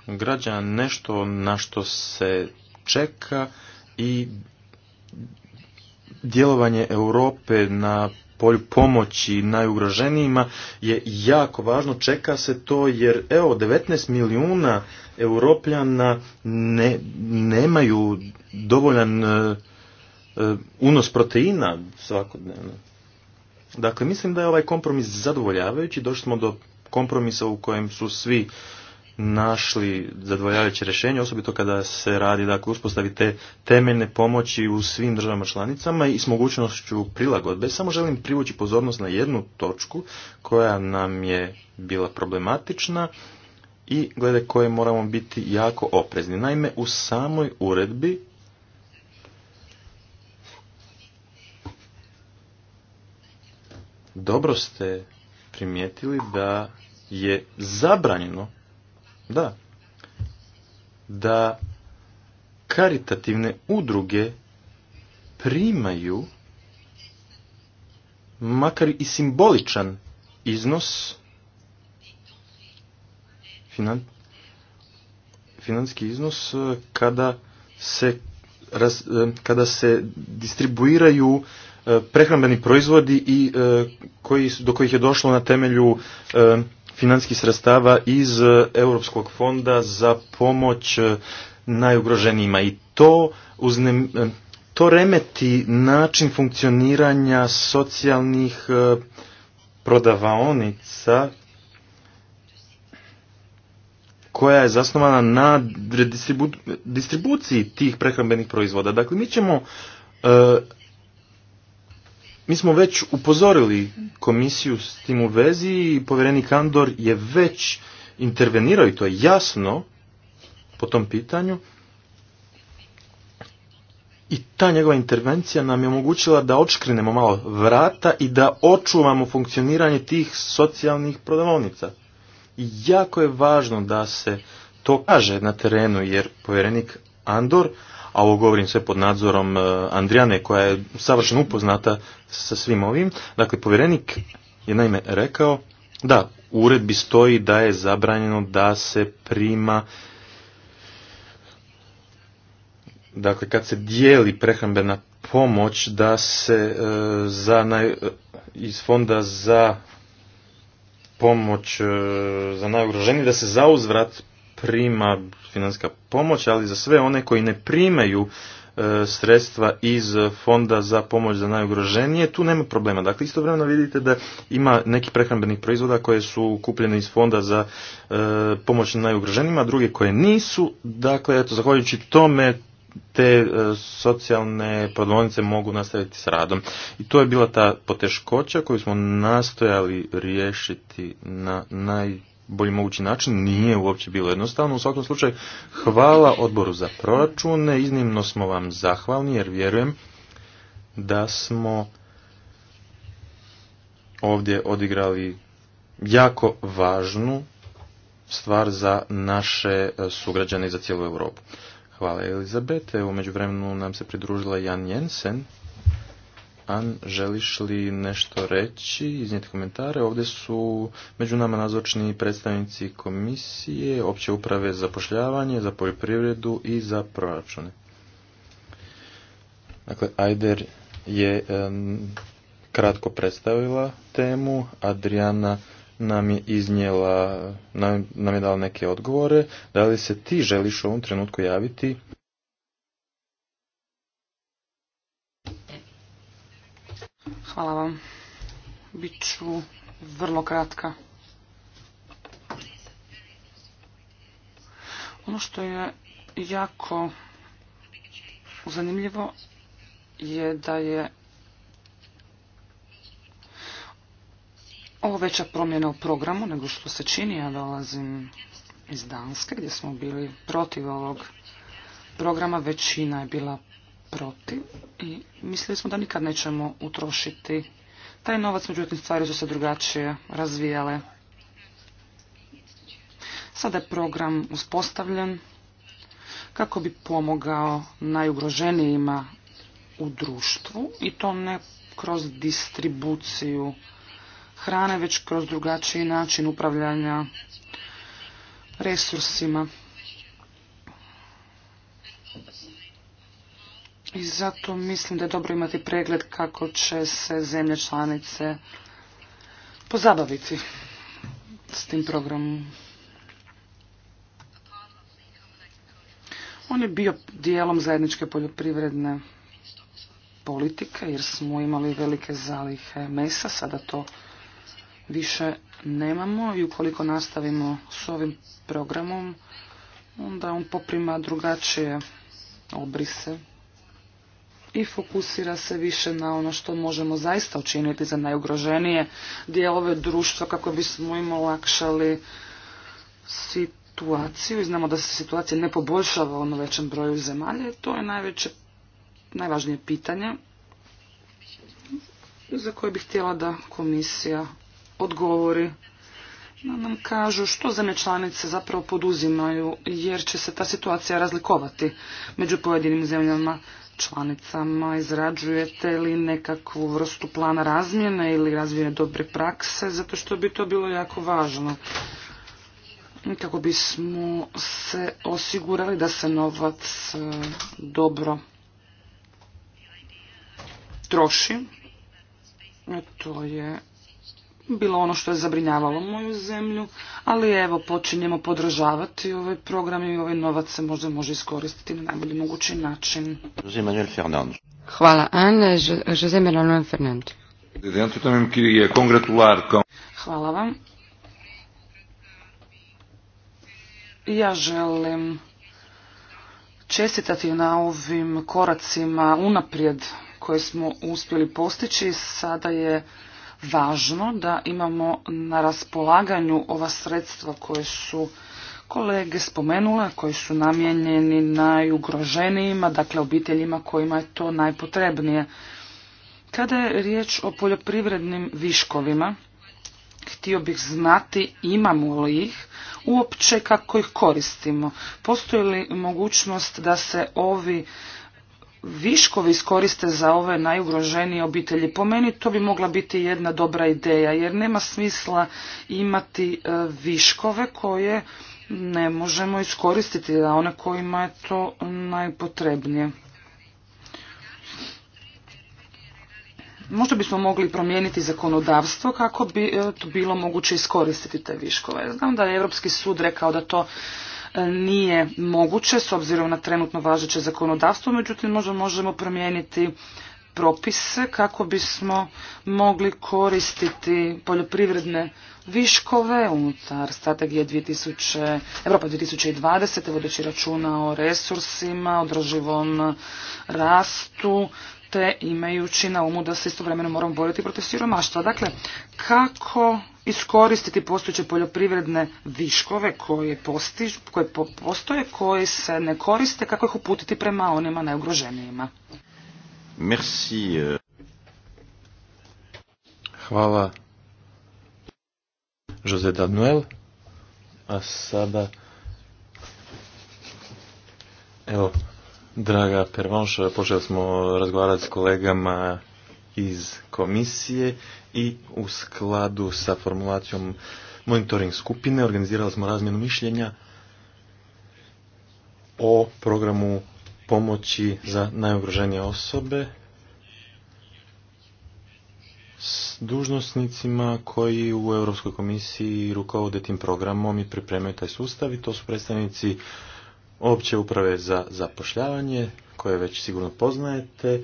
građana nešto na što se čeka i djelovanje Europe na polju pomoći najugroženijima je jako važno. Čeka se to jer evo 19 milijuna europljana ne, nemaju dovoljan e, E, unos proteina svakodnevno. Dakle, mislim da je ovaj kompromis zadovoljavajući. Došli smo do kompromisa u kojem su svi našli zadovoljavajuće rješenje, osobito kada se radi dakle, uspostavi te temeljne pomoći u svim državama članicama i s mogućnošću prilagodbe. Samo želim privući pozornost na jednu točku koja nam je bila problematična i glede koje moramo biti jako oprezni. Naime, u samoj uredbi dobro ste primijetili da je zabranjeno da da karitativne udruge primaju makar i simboličan iznos finan, iznos eh, kada se, eh, kada se distribuiraju E, prehrambeni proizvodi i e, do kojih je došlo na temelju e, financijskih sredstava iz Europskog fonda za pomoć najugroženijima i to uznem, to remeti način funkcioniranja socijalnih prodavaonica koja je zasnovana na distribuciji tih prehrambenih proizvoda. Dakle, mi ćemo mi smo već upozorili komisiju s tim u vezi i povjerenik Andor je već intervenirao i to je jasno po tom pitanju. I ta njegova intervencija nam je omogućila da odškrinemo malo vrata i da očuvamo funkcioniranje tih socijalnih prodavovnica. I jako je važno da se to kaže na terenu jer povjerenik Andor, a ovo govorim sve pod nadzorom e, Andrijane koja je savršeno upoznata sa svim ovim. Dakle, povjerenik je naime rekao da u uredbi stoji da je zabranjeno da se prima dakle kad se dijeli prehrambena pomoć da se e, za naj, e, iz fonda za pomoć za najugroženije da se zauzvrat prima financijska pomoć, ali za sve one koji ne primaju e, sredstva iz fonda za pomoć za najugroženije, tu nema problema. Dakle, istovremeno vidite da ima neki prehrambenih proizvoda koje su kupljene iz fonda za e, pomoć na najugroženijima, druge koje nisu. Dakle, eto, zahvaljujući tome te e, socijalne prodavnice mogu nastaviti s radom. I to je bila ta poteškoća koju smo nastojali riješiti na naj najbolji mogući način. Nije uopće bilo jednostavno. U svakom slučaju, hvala odboru za proračune. Iznimno smo vam zahvalni jer vjerujem da smo ovdje odigrali jako važnu stvar za naše e, sugrađane i za cijelu Europu. Hvala Elizabete. U međuvremenu nam se pridružila Jan Jensen. An, želiš li nešto reći, iznijeti komentare? Ovdje su među nama nazočni predstavnici komisije, opće uprave za zapošljavanje, za poljoprivredu i za proračune. Dakle, Ajder je kratko predstavila temu, Adriana nam je iznijela, nam je dala neke odgovore. Da li se ti želiš u ovom trenutku javiti?
Hvala vam. Biću vrlo kratka. Ono što je jako zanimljivo je da je ovo veća promjena u programu nego što se čini. Ja dolazim iz Danske gdje smo bili protiv ovog programa. Većina je bila protiv i mislili smo da nikad nećemo utrošiti taj novac, međutim stvari su se drugačije razvijale. Sada je program uspostavljen kako bi pomogao najugroženijima u društvu i to ne kroz distribuciju hrane, već kroz drugačiji način upravljanja resursima. I zato mislim da je dobro imati pregled kako će se zemlje članice pozabaviti s tim programom. On je bio dijelom zajedničke poljoprivredne politike jer smo imali velike zalihe mesa, sada to više nemamo i ukoliko nastavimo s ovim programom onda on poprima drugačije obrise i fokusira se više na ono što možemo zaista učiniti za najugroženije dijelove društva kako bismo im olakšali situaciju. I znamo da se situacija ne poboljšava u ono većem broju zemalje. i to je najveće, najvažnije pitanje za koje bih htjela da komisija odgovori Da nam kažu što zemlje članice zapravo poduzimaju jer će se ta situacija razlikovati među pojedinim zemljama članicama? Izrađujete li nekakvu vrstu plana razmjene ili razvijene dobre prakse? Zato što bi to bilo jako važno. Kako bismo se osigurali da se novac e, dobro troši. E, to je bilo ono što je zabrinjavalo moju zemlju, ali evo počinjemo podržavati ovaj program i ovaj novac se možda može iskoristiti na najbolji mogući način.
José Manuel
Hvala, Ana. José Manuel Fernand.
Hvala vam. Ja želim čestitati na ovim koracima unaprijed koje smo uspjeli postići. Sada je važno da imamo na raspolaganju ova sredstva koje su kolege spomenule, koji su namijenjeni najugroženijima, dakle obiteljima kojima je to najpotrebnije. Kada je riječ o poljoprivrednim viškovima, htio bih znati imamo li ih, uopće kako ih koristimo. Postoji li mogućnost da se ovi viškovi iskoriste za ove najugroženije obitelji. Po meni to bi mogla biti jedna dobra ideja jer nema smisla imati e, viškove koje ne možemo iskoristiti za one kojima je to najpotrebnije. Možda bismo mogli promijeniti zakonodavstvo kako bi e, to bilo moguće iskoristiti te viškove. Znam da je Europski sud rekao da to E, nije moguće s obzirom na trenutno važeće zakonodavstvo, međutim možda možemo promijeniti propise kako bismo mogli koristiti poljoprivredne viškove unutar strategije 2000, Europa 2020. vodeći računa o resursima, održivom rastu, te imajući na umu da se istovremeno moramo boriti protiv siromaštva. Dakle, kako iskoristiti postojeće poljoprivredne viškove koje, postiž, koje postoje, koji se ne koriste, kako ih uputiti prema onima najugroženijima.
Merci. Euh. Hvala. José Daniel. A sada... Evo, Draga pervanša, počeli smo razgovarati s kolegama iz komisije i u skladu sa formulacijom monitoring skupine organizirali smo razmjenu mišljenja o programu pomoći za najugroženije osobe s dužnosnicima koji u Europskoj komisiji rukovode tim programom i pripremaju taj sustav i to su predstavnici opće uprave za zapošljavanje, koje već sigurno poznajete,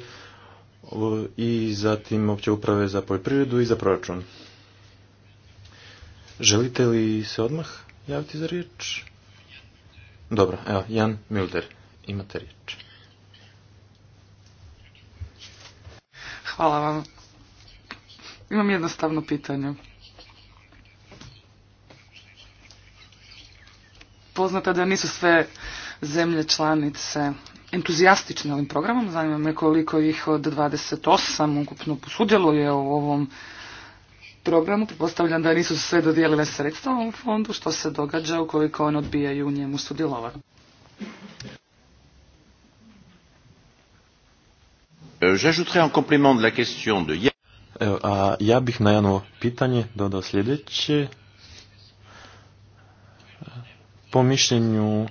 i zatim opće uprave za poljoprivredu i za proračun. Želite li se odmah
javiti za riječ?
Dobro, evo, Jan Milder, imate riječ.
Hvala vam. Imam jednostavno pitanje. Poznato da nisu sve zemlje članice entuzijastične ovim programom. Zanima me koliko ih od 28 ukupno posudjeluje u ovom programu. Pretpostavljam da nisu sve dodijelile sredstva ovom fondu. Što se događa ukoliko on odbijaju u njemu sudjelova
euh, ja bih na jedno pitanje dodao sljedeće. Po mišljenju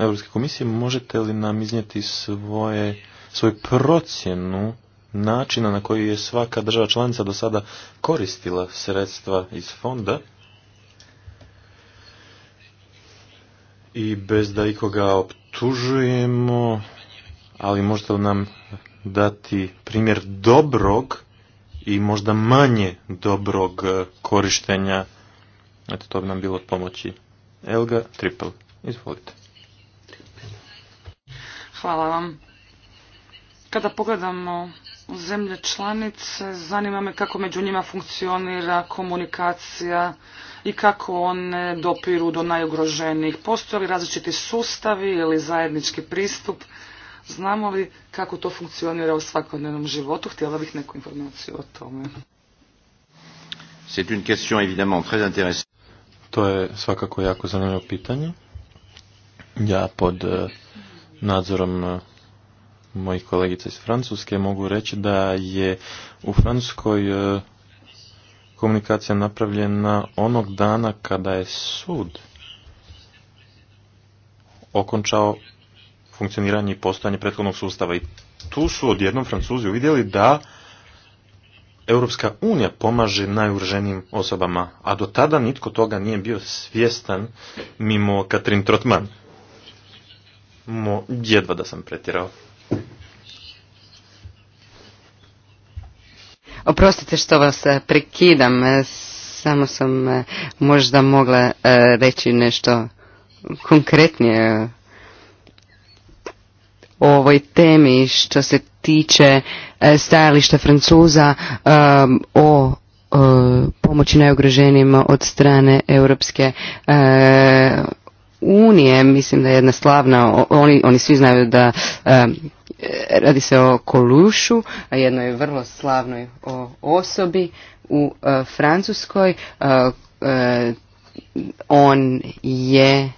Europske komisije, možete li nam iznijeti svoje, svoju procjenu načina na koji je svaka država članica do sada koristila sredstva iz fonda i bez da ikoga optužujemo, ali možete li nam dati primjer dobrog i možda manje dobrog korištenja. Eto, to bi nam bilo od pomoći. Elga Triple, izvolite.
Hvala vam. Kada pogledamo zemlje članice, zanima me kako među njima funkcionira komunikacija i kako one dopiru do najugroženijih. Postoje li različiti sustavi ili zajednički pristup? Znamo li kako to funkcionira u svakodnevnom životu? Htjela bih neku informaciju o tome.
To je svakako jako zanimljivo pitanje. Ja pod eh, nadzorom e, mojih kolegica iz Francuske mogu reći da je u Francuskoj e, komunikacija napravljena onog dana kada je sud okončao funkcioniranje i postojanje prethodnog sustava i tu su odjednom Francuzi uvidjeli da Europska unija pomaže najurženijim osobama, a do tada nitko toga nije bio svjestan mimo Katrin Trotman. Mo, jedva da sam pretjerao.
Oprostite što vas e, prekidam, e, samo sam e, možda mogla reći nešto konkretnije o ovoj temi što se tiče stajališta Francuza o pomoći najugroženijima od strane Europske unije, mislim da je jedna slavna, oni, oni svi znaju da e, radi se o Kolušu, jednoj vrlo slavnoj osobi u e, Francuskoj. E, on je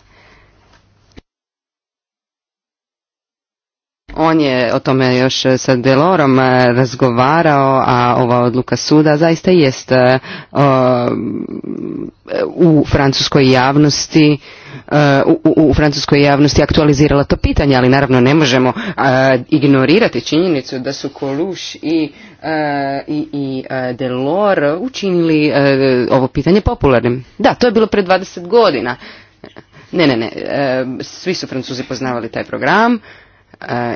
On je o tome još e, sa Delorom e, razgovarao, a ova odluka suda zaista jest e, u francuskoj javnosti u, u francuskoj javnosti aktualizirala to pitanje, ali naravno ne možemo ignorirati činjenicu da su Koluš i, i, i Delor učinili ovo pitanje popularnim. Da, to je bilo pred 20 godina. Ne, ne, ne, svi su francuzi poznavali taj program E,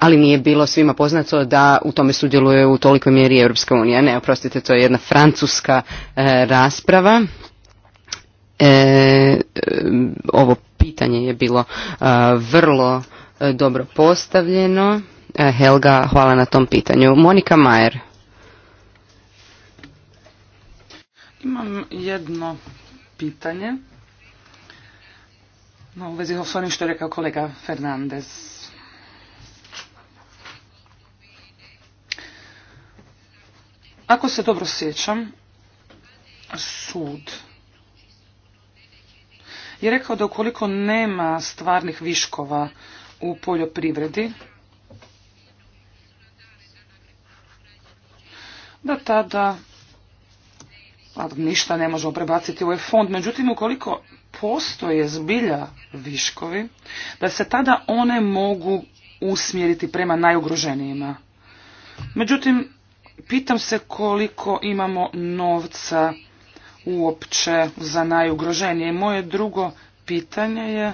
ali nije bilo svima poznato da u tome sudjeluje u tolikoj mjeri Europska unija. Ne, oprostite, to je jedna francuska e, rasprava. E, ovo pitanje je bilo vrlo dobro postavljeno. Helga, hvala na tom pitanju. Monika Majer.
Imam jedno pitanje. No, u vezi s onim što je rekao kolega Fernandez. Ako se dobro sjećam, sud je rekao da ukoliko nema stvarnih viškova u poljoprivredi, da tada ništa ne možemo prebaciti u ovaj fond. Međutim, ukoliko postoje zbilja viškovi, da se tada one mogu usmjeriti prema najugroženijima. Međutim, Pitam se koliko imamo novca uopće za najugroženije. Moje drugo pitanje je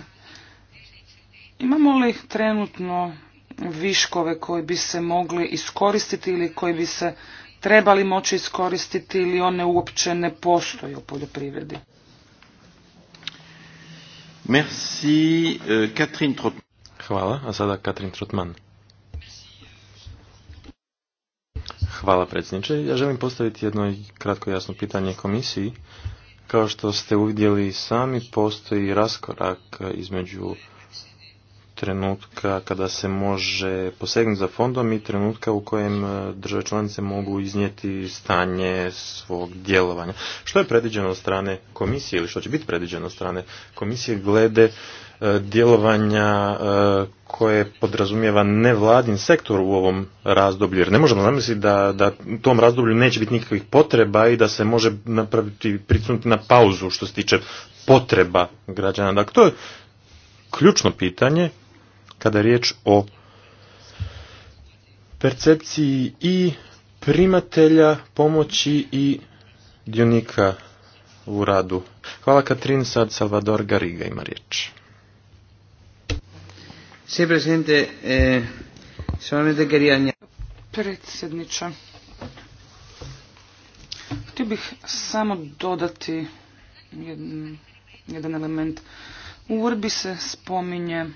imamo li trenutno viškove koji bi se mogli iskoristiti ili koji bi se trebali moći iskoristiti ili one uopće ne postoje u poljoprivredi?
Merci, Katrin euh, Hvala, a sada Katrin Trotman. Hvala predsjedniče. Ja želim postaviti jedno kratko jasno pitanje komisiji. Kao što ste uvidjeli sami, postoji raskorak između trenutka kada se može posegnuti za fondom i trenutka u kojem e, države članice mogu iznijeti stanje svog djelovanja. Što je predviđeno od strane komisije ili što će biti predviđeno od strane komisije glede e, djelovanja e, koje podrazumijeva nevladin sektor u ovom razdoblju, jer ne možemo zamisliti da, da u tom razdoblju neće biti nikakvih potreba i da se može napraviti, pricunuti na pauzu što se tiče potreba građana. Dakle, to je ključno pitanje kada je riječ o percepciji i primatelja pomoći i dionika u radu. Hvala Katrin, sad Salvador Gariga ima riječ.
Sí, prezidente,
eh, Predsjedniče, htio bih samo dodati jedan, jedan element. U urbi se spominje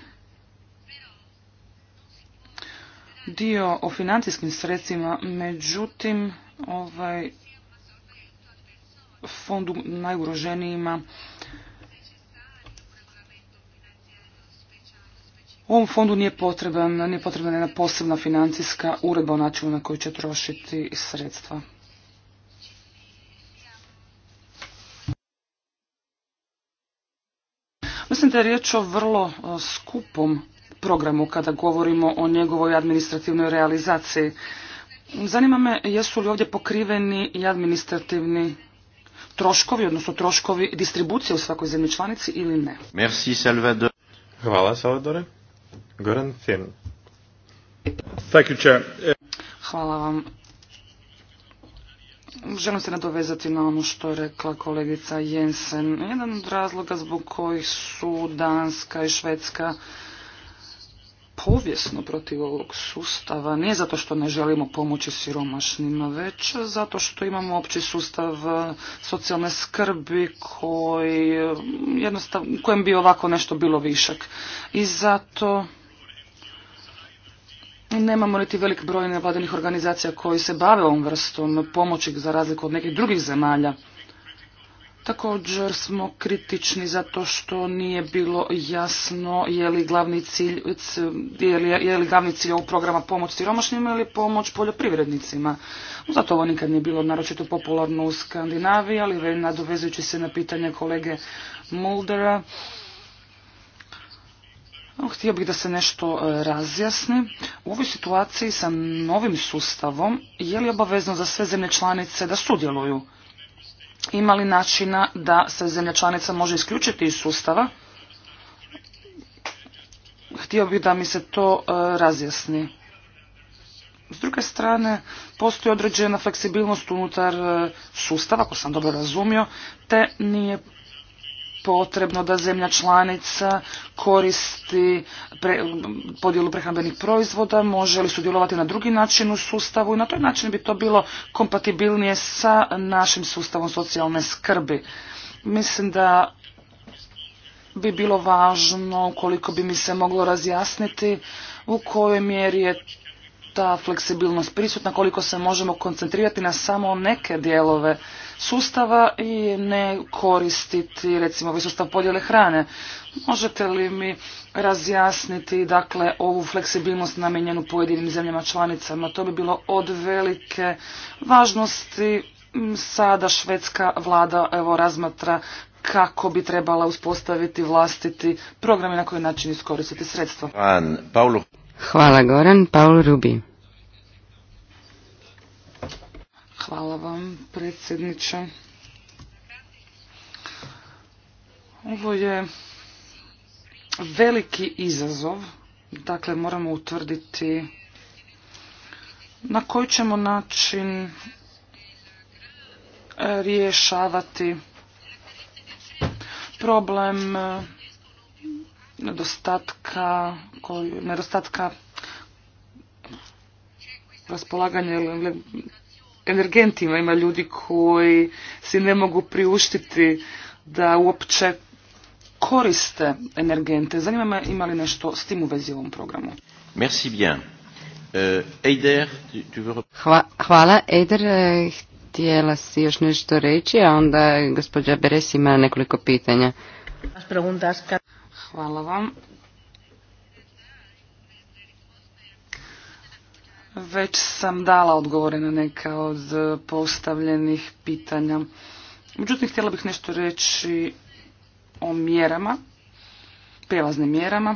dio o financijskim sredstvima, međutim, ovaj fondu najugroženijima Ovom fondu nije potreban, nije potrebna jedna posebna financijska uredba o načinu na koji će trošiti sredstva. Mislim da je riječ o vrlo skupom programu kada govorimo o njegovoj administrativnoj realizaciji. Zanima me jesu li ovdje pokriveni i administrativni troškovi, odnosno troškovi distribucije u svakoj zemlji članici ili ne.
Merci Salvador. Hvala Salvadore. Goran Thank you, chair.
Hvala vam. Želim se nadovezati na ono što je rekla kolegica Jensen. Jedan od razloga zbog kojih su Danska i Švedska povijesno protiv ovog sustava ne zato što ne želimo pomoći siromašnima, već zato što imamo opći sustav e, socijalne skrbi koji e, jednostavno, kojem bi ovako nešto bilo višak. I zato nemamo niti velik broj nevladinih organizacija koji se bave ovom vrstom pomoći za razliku od nekih drugih zemalja. Također smo kritični zato što nije bilo jasno je li glavni cilj, je li, glavni cilj ovog programa pomoć siromašnjima ili pomoć poljoprivrednicima. Zato ovo nikad nije bilo naročito popularno u Skandinaviji, ali nadovezujući se na pitanje kolege Muldera, Htio bih da se nešto e, razjasni. U ovoj situaciji sa novim sustavom je li obavezno za sve zemlje članice da sudjeluju imali načina da se zemlja članica može isključiti iz sustava. Htio bih da mi se to e, razjasni. S druge strane, postoji određena fleksibilnost unutar e, sustava, ako sam dobro razumio, te nije potrebno da zemlja članica koristi pre, podjelu prehrambenih proizvoda, može li sudjelovati na drugi način u sustavu i na taj način bi to bilo kompatibilnije sa našim sustavom socijalne skrbi. Mislim da bi bilo važno koliko bi mi se moglo razjasniti u kojoj mjeri je ta fleksibilnost prisutna, koliko se možemo koncentrirati na samo neke dijelove sustava i ne koristiti recimo ovaj sustav podjele hrane. Možete li mi razjasniti dakle ovu fleksibilnost namijenjenu pojedinim zemljama članicama? To bi bilo od velike važnosti. Sada švedska vlada evo razmatra kako bi trebala uspostaviti vlastiti program i na koji način iskoristiti sredstva.
Hvala Goran. Paul Rubi.
Hvala vam, predsjedniče. Ovo je veliki izazov. Dakle, moramo utvrditi na koji ćemo način e, rješavati problem e, nedostatka, nedostatka raspolaganja energentima, ima ljudi koji si ne mogu priuštiti da uopće koriste energente. Zanima me ima li nešto s tim u vezi u ovom programu.
Merci bien. Uh, tu
hvala. Eider, eh, htjela si još nešto reći, a onda gospođa Beres ima nekoliko pitanja.
Hvala vam. Već sam dala odgovore na neka od postavljenih pitanja. Međutim, htjela bih nešto reći o mjerama, prijelaznim mjerama.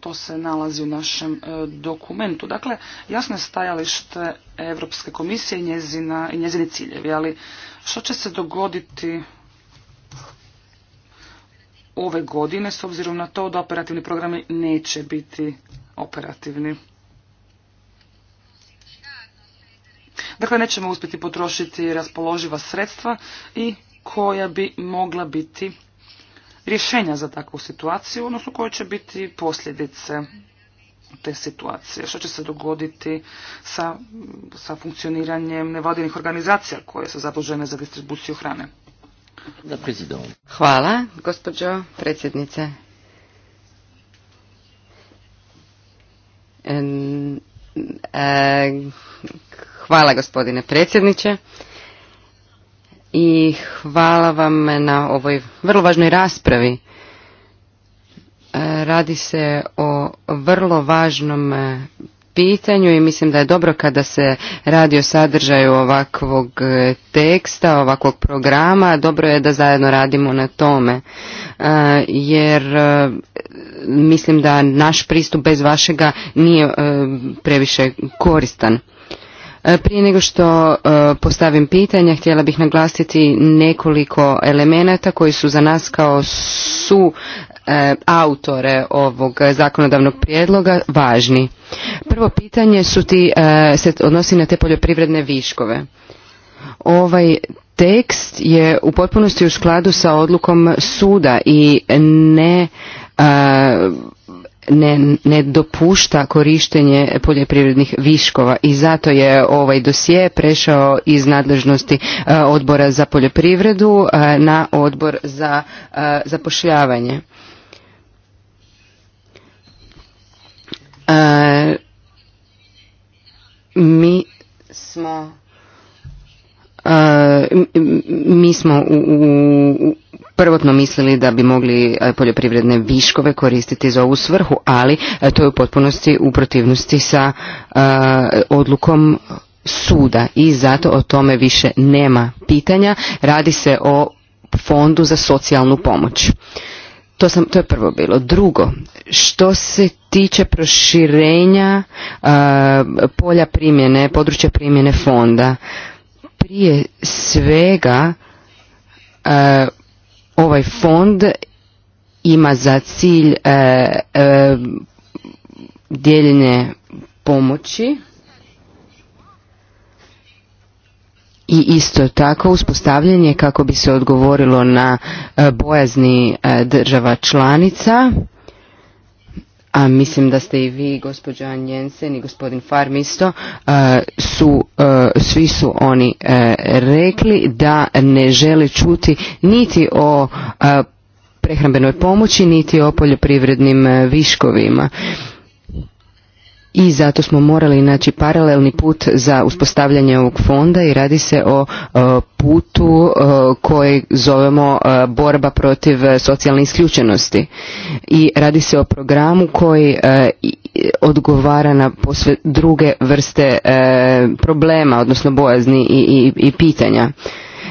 To se nalazi u našem e, dokumentu. Dakle, jasno je stajalište Europske komisije i, i njezini ciljevi, ali što će se dogoditi ove godine s obzirom na to da operativni programi neće biti operativni. dakle nećemo uspjeti potrošiti raspoloživa sredstva i koja bi mogla biti rješenja za takvu situaciju, odnosno koje će biti posljedice te situacije. Što će se dogoditi sa, sa funkcioniranjem nevladinih organizacija koje su zadužene za distribuciju hrane? Hvala, gospođo
predsjednice. E, Hvala gospodine predsjedniče i hvala vam na ovoj vrlo važnoj raspravi. E, radi se o vrlo važnom e, pitanju i mislim da je dobro kada se radi o sadržaju ovakvog e, teksta, ovakvog programa, dobro je da zajedno radimo na tome. Jer mislim da naš pristup bez vašega nije previše koristan. E, prije nego što e, postavim pitanja, htjela bih naglasiti nekoliko elemenata koji su za nas kao su e, autore ovog zakonodavnog prijedloga važni. Prvo pitanje su ti, se odnosi na te poljoprivredne viškove. Ovaj tekst je u potpunosti u skladu sa odlukom suda i ne ne, ne dopušta korištenje poljoprivrednih viškova i zato je ovaj dosje prešao iz nadležnosti e, odbora za poljoprivredu e, na odbor za e, zapošljavanje. Mi smo mi smo u, u, prvotno mislili da bi mogli e, poljoprivredne viškove koristiti za ovu svrhu, ali e, to je u potpunosti u protivnosti sa e, odlukom suda i zato o tome više nema pitanja. Radi se o fondu za socijalnu pomoć. To, sam, to je prvo bilo. Drugo, što se tiče proširenja polja primjene, područja primjene fonda, prije svega ovaj fond ima za cilj e, e dijeljenje pomoći i isto tako uspostavljanje kako bi se odgovorilo na e, bojazni e, država članica a mislim da ste i vi, gospođa Njensen i gospodin Farm isto, e, su, e, svi su oni e, rekli da ne žele čuti niti o prehrambenoj pomoći, niti o poljoprivrednim viškovima i zato smo morali naći paralelni put za uspostavljanje ovog fonda i radi se o e, putu e, koji zovemo e, borba protiv socijalne isključenosti i radi se o programu koji odgovara na posve druge vrste problema odnosno bojazni i, pitanja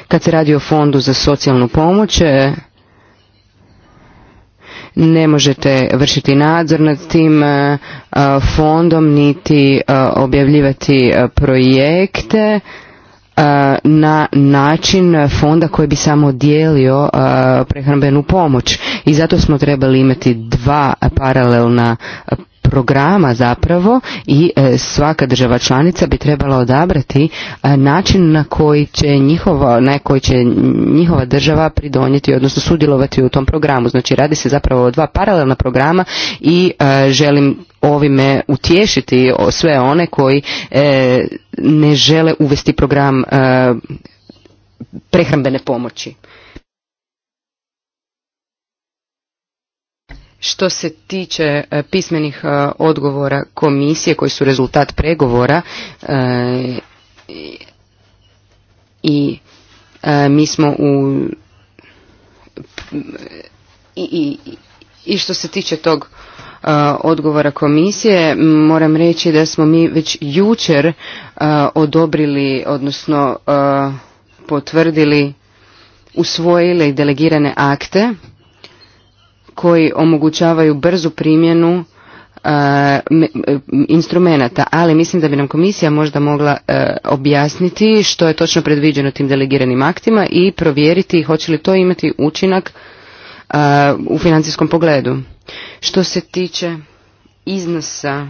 kad se radi o fondu za socijalnu pomoć ne možete vršiti nadzor nad tim e, e, fondom niti e, objavljivati projekte na način fonda koji bi samo dijelio prehrambenu pomoć i zato smo trebali imati dva paralelna programa zapravo i e, svaka država članica bi trebala odabrati e, način na koji će njihova, na koji će njihova država pridonijeti, odnosno sudjelovati u tom programu. Znači radi se zapravo o dva paralelna programa i e, želim ovime utješiti sve one koji ne žele uvesti program prehrambene pomoći. Što se tiče e, pismenih e, odgovora komisije koji su rezultat pregovora e, i mi smo u i, što se tiče tog odgovora komisije moram reći da smo mi već jučer odobrili odnosno potvrdili usvojili delegirane akte koji omogućavaju brzu primjenu e, e, instrumenata, ali mislim da bi nam komisija možda mogla e, objasniti što je točno predviđeno tim delegiranim aktima i provjeriti hoće li to imati učinak u financijskom pogledu. Što se tiče iznosa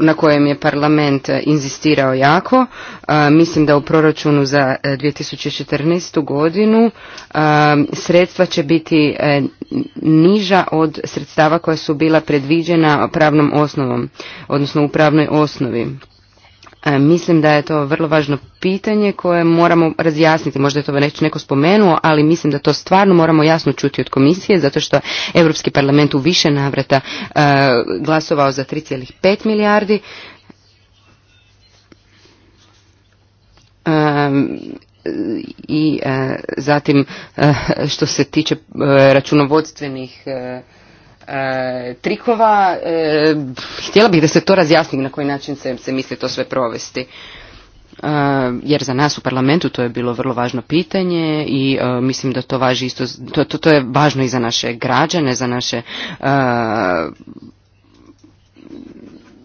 na kojem je parlament e, inzistirao jako. E, mislim da u proračunu za 2014. E, godinu sredstva će biti niža od sredstava koja su bila predviđena pravnom osnovom, odnosno u pravnoj osnovi. E, mislim da je to vrlo važno pitanje koje moramo razjasniti. Možda je to već neko spomenuo, ali mislim da to stvarno moramo jasno čuti od komisije, zato što Europski parlament u više navrata e, glasovao za 3,5 milijardi. I e, zatim što se tiče računovodstvenih Eh, trikova. Eh, htjela bih da se to razjasni na koji način se, misli to sve provesti. Eh, jer za nas u parlamentu to je bilo vrlo važno pitanje i mislim da to važi isto, to, to, to je važno i za naše građane, za naše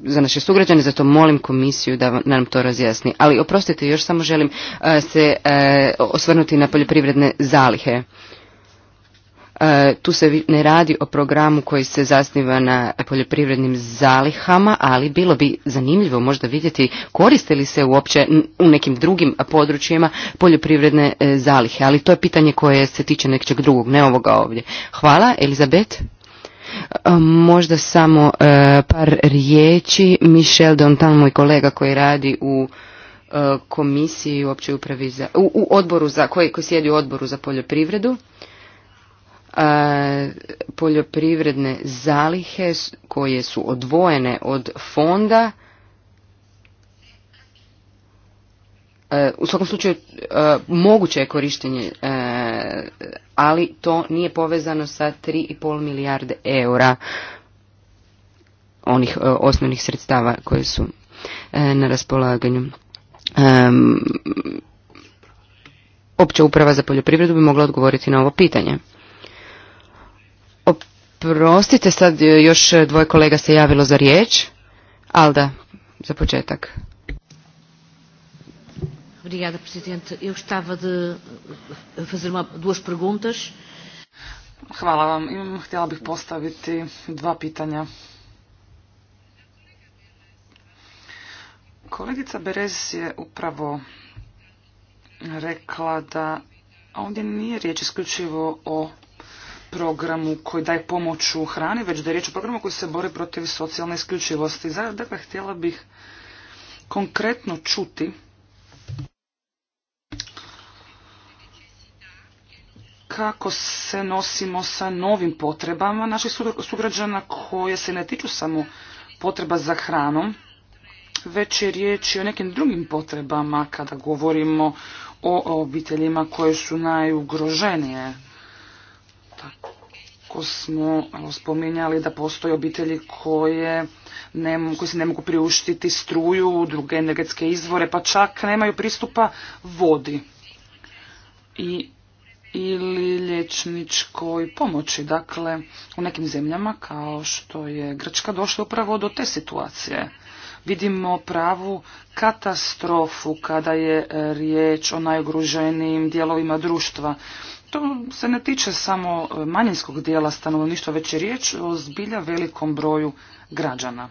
za naše sugrađane, zato molim komisiju da nam to razjasni. Ali oprostite, još samo želim se osvrnuti na poljoprivredne zalihe. E, tu se ne radi o programu koji se zasniva na poljoprivrednim zalihama, ali bilo bi zanimljivo možda vidjeti koriste li se uopće u nekim drugim područjima poljoprivredne e, zalihe, ali to je pitanje koje se tiče nečeg drugog, ne ovoga ovdje. Hvala, Elizabet. E, možda samo par riječi. Michel Dontan, moj kolega koji radi u komisiji u, upravi za, u, odboru za, koji, koji sjedi u odboru za poljoprivredu poljoprivredne zalihe koje su odvojene od fonda u svakom slučaju moguće je korištenje, ali to nije povezano sa 3,5 milijarde eura onih osnovnih sredstava koje su na raspolaganju. Opća uprava za poljoprivredu bi mogla odgovoriti na ovo pitanje. Oprostite, sad e, još e, dvoje kolega se javilo za riječ. Alda, za početak.
Obrigada, Presidente. Eu gostava de eh, fazer uma, duas perguntas. Hvala vam. Imam, htjela bih postaviti dva pitanja. Kolegica Berez je upravo rekla da ovdje nije riječ isključivo o programu koji daje pomoć u hrani, već da je riječ o programu koji se bori protiv socijalne isključivosti. Dakle, htjela bih konkretno čuti kako se nosimo sa novim potrebama naših sugrađana koje se ne tiču samo potreba za hranom, već je riječ i o nekim drugim potrebama kada govorimo o obiteljima koje su najugroženije ko smo spominjali da postoje obitelji koje, ne, se ne mogu priuštiti struju, druge energetske izvore, pa čak nemaju pristupa vodi i ili liječničkoj pomoći. Dakle, u nekim zemljama kao što je Grčka došla upravo do te situacije. Vidimo pravu katastrofu kada je e, riječ o najugroženijim dijelovima društva to se ne tiče samo e, manjinskog dijela stanovništva, već je riječ o zbilja velikom broju građana.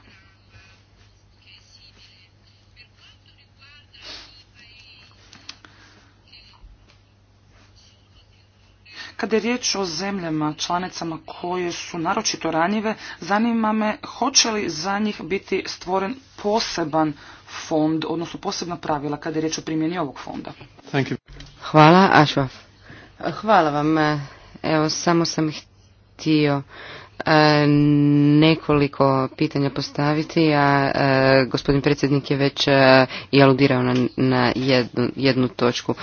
Kada je riječ o zemljama, članicama koje su naročito ranjive, zanima me hoće li za njih biti stvoren poseban fond, odnosno posebna pravila kada je riječ o primjeni ovog fonda.
Hvala, Ašvaf. Hvala vam. Evo, samo sam htio e, nekoliko pitanja postaviti, a e, gospodin predsjednik je već e, i aludirao na, na jednu, točku.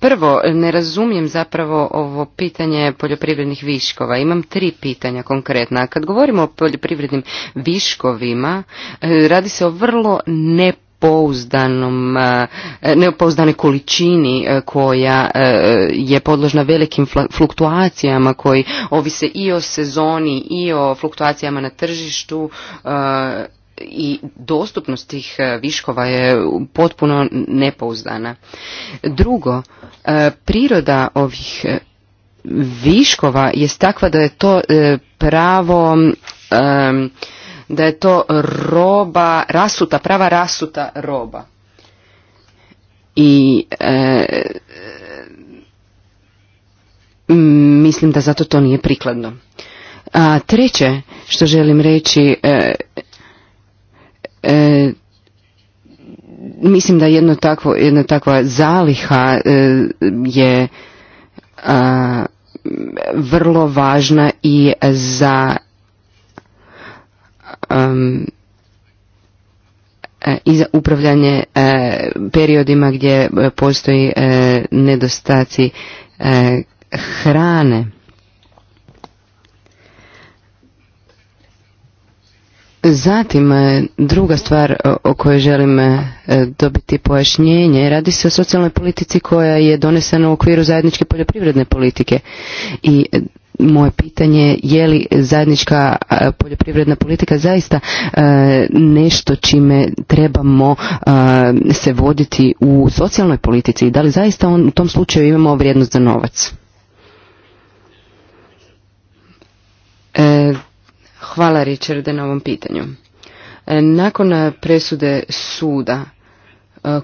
Prvo, ne razumijem zapravo ovo pitanje poljoprivrednih viškova. Imam tri pitanja konkretna. Kad govorimo o poljoprivrednim viškovima, radi se o vrlo ne nepouzdanom, e, nepouzdane količini e, koja e, je podložna velikim fluktuacijama koji ovise i o sezoni i o fluktuacijama na tržištu i dostupnost tih viškova je potpuno nepouzdana. Drugo, priroda ovih viškova je takva da je to pravo da je to roba, rasuta, prava rasuta roba. I e, mislim da zato to nije prikladno. A treće što želim reći, e, e mislim da jedno takvo, jedna takva zaliha e, je a, vrlo važna i za Um, e, i za upravljanje e, periodima gdje e, postoji nedostaci hrane. Zatim, druga stvar o kojoj želim dobiti pojašnjenje, radi se o socijalnoj politici koja je donesena u okviru zajedničke poljoprivredne politike i moje pitanje je li zajednička poljoprivredna politika zaista e, nešto čime trebamo e, se voditi u socijalnoj politici i da li zaista on, u tom slučaju imamo vrijednost za novac? E, hvala Richarde na ovom pitanju. Nakon presude suda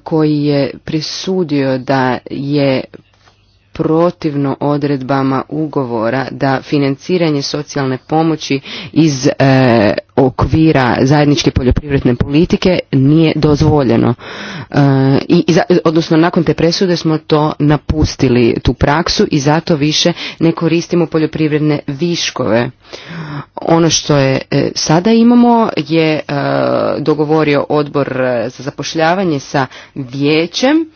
koji je presudio da je protivno odredbama ugovora da financiranje socijalne pomoći iz e, okvira zajedničke poljoprivredne politike nije dozvoljeno. E, i, odnosno nakon te presude smo to napustili tu praksu i zato više ne koristimo poljoprivredne viškove. Ono što je e, sada imamo je dogovorio odbor za zapošljavanje sa vijećem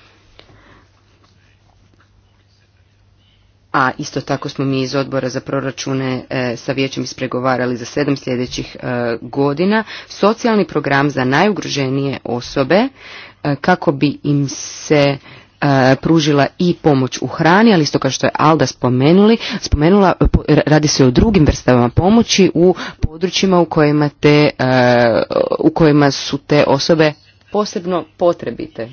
a isto tako smo mi iz odbora za proračune e, sa vijećem ispregovarali za sedam sljedećih e, godina socijalni program za najugroženije osobe e, kako bi im se pružila i pomoć u hrani, ali isto kao što je Alda spomenuli, spomenula, radi se o drugim vrstama pomoći u područjima u kojima, te, u kojima su te osobe posebno potrebite.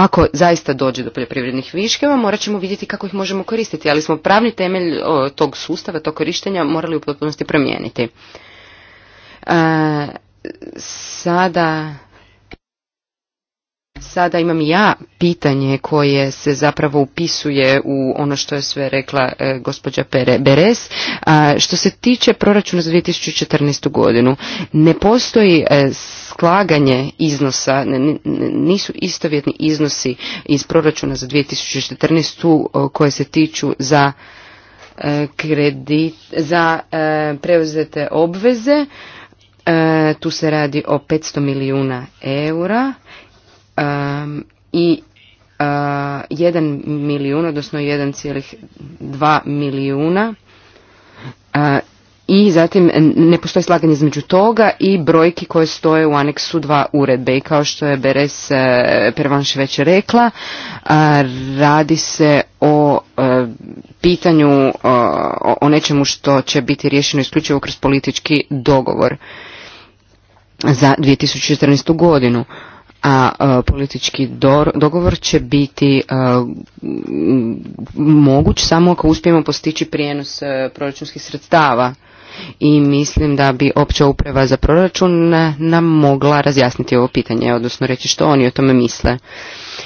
Ako zaista dođe do poljoprivrednih viškeva, morat ćemo vidjeti kako ih možemo koristiti, ali smo pravni temelj tog sustava, tog korištenja morali u potpunosti promijeniti. E, sada Sada imam ja pitanje koje se zapravo upisuje u ono što je sve rekla e, gospođa Pere Beres. A, što se tiče proračuna za 2014. godinu, ne postoji e, sklaganje iznosa, nisu istovjetni iznosi iz proračuna za 2014. E, koje se tiču za kredit, za preuzete obveze. Tu se radi o 500 milijuna eura i 1 e, milijun, odnosno 1,2 milijuna e, i zatim ne postoji slaganje između toga i brojki koje stoje u aneksu dva uredbe i kao što je Beres e, Pervanš već rekla radi se o pitanju o nečemu što će biti riješeno isključivo kroz politički dogovor za 2014. godinu a politički dogovor će biti moguć samo ako uspijemo postići prijenos proračunskih sredstava i mislim da bi opća uprava za proračun nam mogla razjasniti ovo pitanje, odnosno reći što oni o tome misle.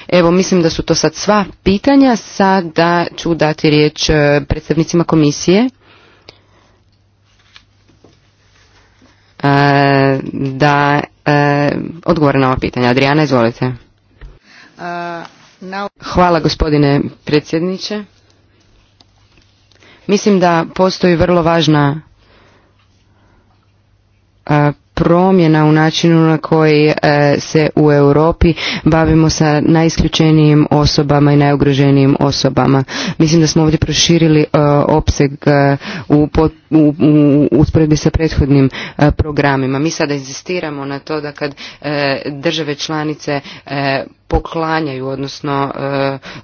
Evo, mislim da su to sad sva pitanja, sada ću dati riječ predstavnicima komisije. da e, odgovore na ova pitanja. Adriana, izvolite. Hvala gospodine predsjedniče. Mislim da postoji vrlo važna e, promjena u načinu na koji e, se u Europi bavimo sa najisključenijim osobama i najugroženijim osobama. Mislim da smo ovdje proširili e, opseg e, u, usporedbi sa prethodnim programima. Mi sada insistiramo na to da kad države članice poklanjaju, odnosno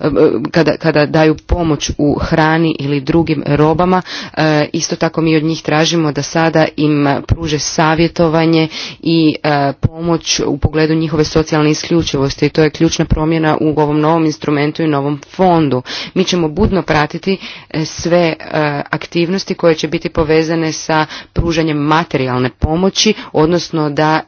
e, kada, kada daju pomoć u hrani ili drugim robama. E, isto tako mi od njih tražimo da sada im pruže savjetovanje i e, pomoć u pogledu njihove socijalne isključivosti i to je ključna promjena u ovom novom instrumentu i novom fondu. Mi ćemo budno pratiti sve aktivnosti koje će biti povezane sa pružanjem materijalne pomoći, odnosno da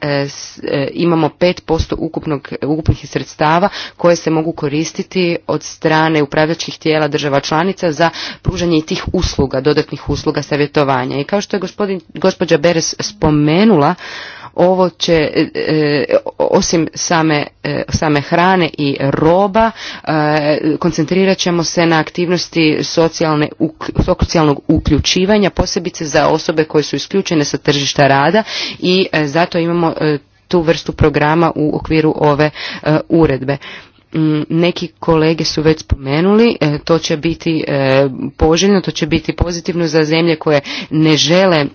imamo 5% ukupnog, ukupnih sredstava koje se mogu koristiti od strane upravljačkih tijela država članica za pružanje tih usluga, dodatnih usluga savjetovanja. I kao što je gospodin, gospođa Beres spomenula, ovo će e, e, osim same, e, same hrane i roba koncentrirat ćemo se na aktivnosti socijalne, socijalnog uključivanja posebice za osobe koje su isključene sa tržišta rada i zato imamo tu vrstu programa u okviru ove e, uredbe. Mm, neki kolege su već spomenuli, e, to će biti e, poželjno, to će biti pozitivno za zemlje koje ne žele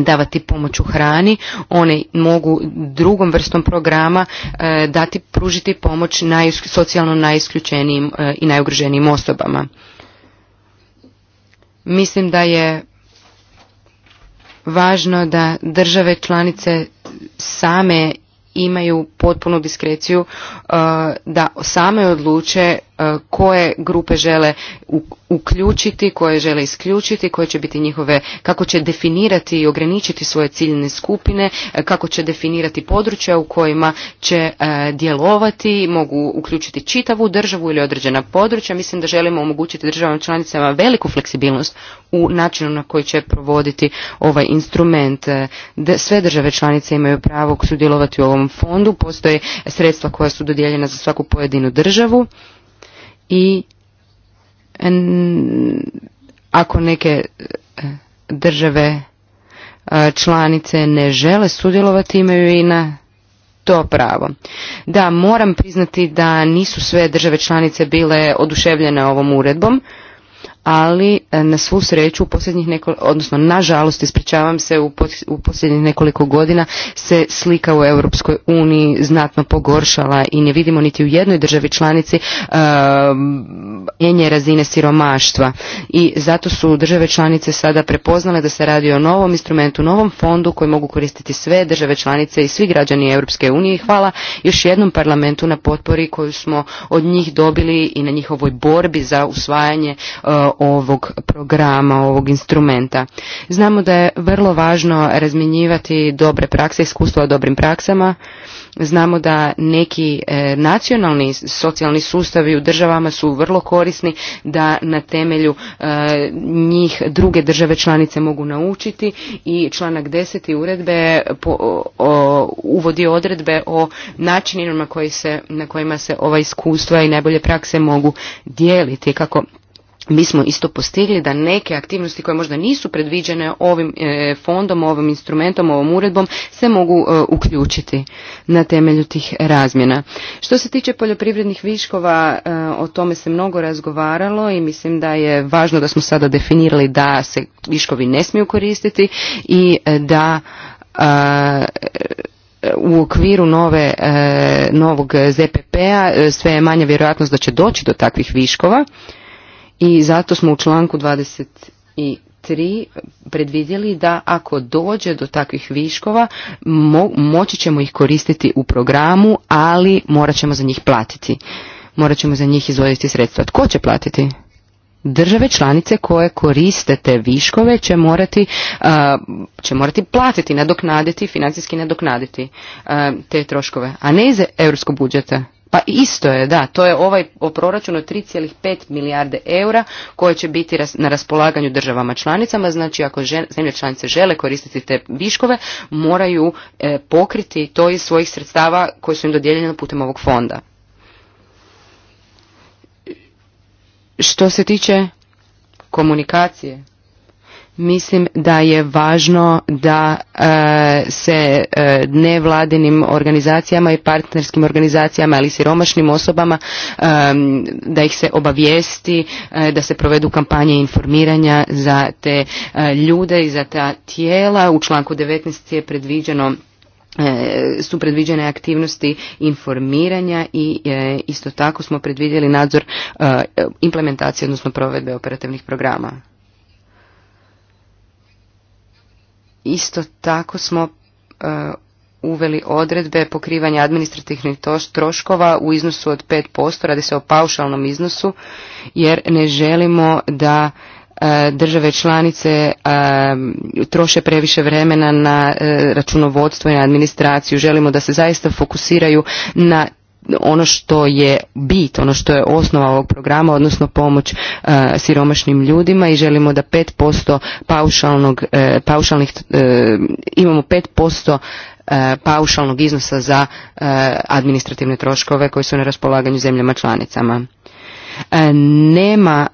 davati pomoć u hrani, one mogu drugom vrstom programa dati, pružiti pomoć socijalno najisključenijim i najugroženijim osobama. Mislim da je važno da države članice same imaju potpunu diskreciju uh, da same odluče koje grupe žele uključiti, koje žele isključiti, koje će biti njihove, kako će definirati i ograničiti svoje ciljne skupine, e, kako će definirati područja u kojima će e, djelovati, mogu uključiti čitavu državu ili određena područja. Mislim da želimo omogućiti državama članicama veliku fleksibilnost u načinu na koji će provoditi ovaj instrument. E, sve države članice imaju pravo sudjelovati u ovom fondu, postoje sredstva koja su dodijeljena za svaku pojedinu državu i ako neke e, države e, članice ne žele sudjelovati imaju i na to pravo. Da, moram priznati da nisu sve države članice bile oduševljene ovom uredbom ali e, na svu sreću u posljednjih nekoliko, odnosno nažalost, ispričavam se, u posljednjih nekoliko godina se slika u Europskoj uniji znatno pogoršala i ne vidimo niti u jednoj državi članici enje razine siromaštva i zato su države članice sada prepoznale da se radi o novom instrumentu, novom fondu koji mogu koristiti sve države članice i svi građani Europske unije i hvala još jednom parlamentu na potpori koju smo od njih dobili i na njihovoj borbi za usvajanje e, ovog programa, ovog instrumenta. Znamo da je vrlo važno razmjenjivati dobre prakse, iskustva o dobrim praksama. Znamo da neki e, nacionalni socijalni sustavi u državama su vrlo korisni, da na temelju e, njih druge države članice mogu naučiti i članak 10. uredbe uvodi odredbe o načinima koji se, na kojima se ova iskustva i najbolje prakse mogu dijeliti kako mi smo isto postigli da neke aktivnosti koje možda nisu predviđene ovim e, fondom, ovim instrumentom, ovom uredbom se mogu e, uključiti na temelju tih razmjena. Što se tiče poljoprivrednih viškova, e, o tome se mnogo razgovaralo i mislim da je važno da smo sada definirali da se viškovi ne smiju koristiti i da u okviru nove, novog ZPP-a sve je manja vjerojatnost da će doći do takvih viškova i zato smo u članku 23 predvidjeli da ako dođe do takvih viškova moći ćemo ih koristiti u programu, ali morat ćemo za njih platiti. Morat ćemo za njih izvoditi sredstva. Tko će platiti? Države članice koje koriste te viškove će morati, će morati platiti, nadoknaditi, financijski nadoknaditi te troškove, a ne iz europskog budžeta. Pa isto je, da, to je ovaj proračun od 3,5 milijarde eura koje će biti na raspolaganju državama članicama, znači ako zemlje članice žele koristiti te viškove, moraju e, pokriti to iz svojih sredstava koje su im dodijeljene putem ovog fonda. Što se tiče komunikacije Mislim da je važno da e, se e, nevladinim organizacijama i partnerskim organizacijama ali siromašnim osobama e, da ih se obavijesti, e, da se provedu kampanje informiranja za te ljude i za ta tijela. U članku 19 je predviđeno su predviđene aktivnosti informiranja i isto tako smo predvidjeli nadzor implementacije odnosno provedbe operativnih programa. Isto tako smo e, uveli odredbe pokrivanja administrativnih troškova u iznosu od 5%, radi se o paušalnom iznosu, jer ne želimo da e, države članice e, troše previše vremena na računovodstvo i na administraciju. Želimo da se zaista fokusiraju na ono što je bit, ono što je osnova ovog programa, odnosno pomoć e, siromašnim ljudima i želimo da 5% paušalnog, e, paušalnih, e, imamo 5% paušalnog iznosa za administrativne troškove koji su na raspolaganju zemljama članicama. Nema,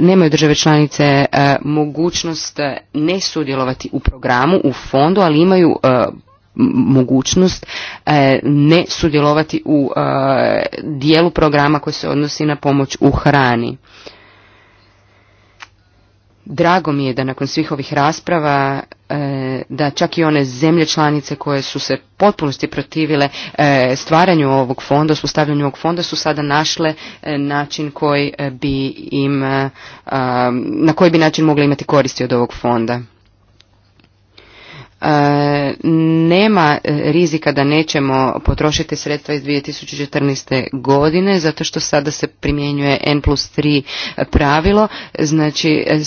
nemaju države članice mogućnost ne sudjelovati u programu, u fondu, ali imaju mogućnost e, ne sudjelovati u e, dijelu programa koji se odnosi na pomoć u hrani. Drago mi je da nakon svih ovih rasprava e, da čak i one zemlje članice koje su se potpunosti protivile stvaranju ovog fonda, uspostavljanju ovog fonda su sada našle način koji bi im, na koji bi način mogli imati koristi od ovog fonda nema e, rizika da nećemo potrošiti sredstva iz 2014. godine zato što sada se primjenjuje N plus 3 pravilo znači e,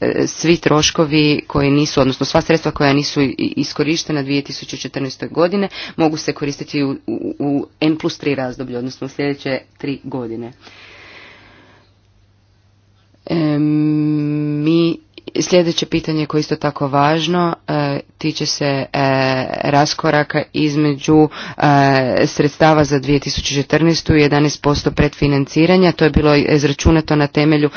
e, svi troškovi koji nisu, odnosno sva sredstva koja nisu iskorištena 2014. godine mogu se koristiti u, u, N plus 3 razdoblju, odnosno sljedeće tri godine. mi Sljedeće pitanje koje je isto tako važno e, tiče se e, raskoraka između e, sredstava za 2014. i 11% predfinanciranja. To je bilo izračunato na temelju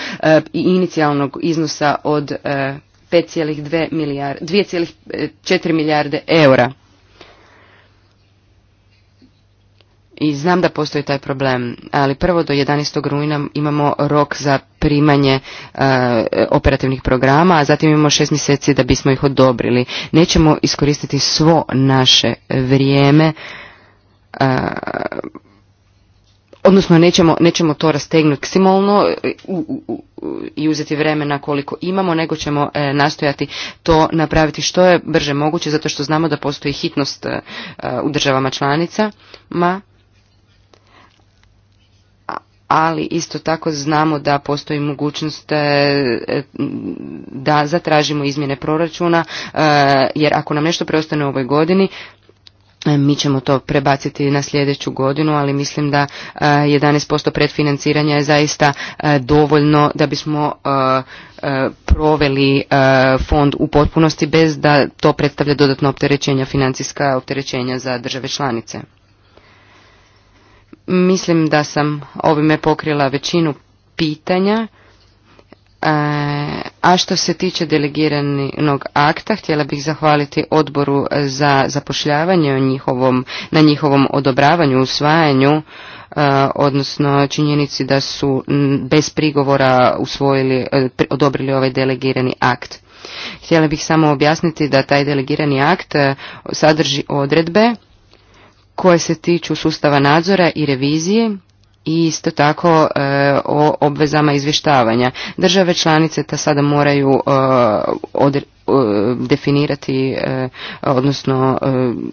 inicijalnog iznosa od 2,4 milijarde eura. I znam da postoji taj problem, ali prvo do 11. rujna imamo rok za primanje e, operativnih programa, a zatim imamo šest mjeseci da bismo ih odobrili. Nećemo iskoristiti svo naše vrijeme, e, odnosno nećemo, nećemo to rastegnuti maksimalno e, i uzeti vremena koliko imamo, nego ćemo nastojati to napraviti što je brže moguće, zato što znamo da postoji hitnost u državama članicama ali isto tako znamo da postoji mogućnost e, e, da zatražimo izmjene proračuna, e, jer ako nam nešto preostane u ovoj godini, mi ćemo to prebaciti na sljedeću godinu, ali mislim da 11% predfinanciranja je zaista dovoljno da bismo proveli fond u potpunosti bez da to predstavlja dodatno opterećenja, financijska opterećenja za države članice. Mislim da sam ovime pokrila većinu pitanja. E, a što se tiče delegiranog akta, htjela bih zahvaliti odboru za zapošljavanje njihovom, na njihovom odobravanju, usvajanju, e, odnosno činjenici da su bez prigovora usvojili, e, odobrili ovaj delegirani akt. Htjela bih samo objasniti da taj delegirani akt sadrži odredbe koje se tiču sustava nadzora i revizije i isto tako e, o obvezama izvještavanja. Države članice ta sada moraju e, e, definirati, odnosno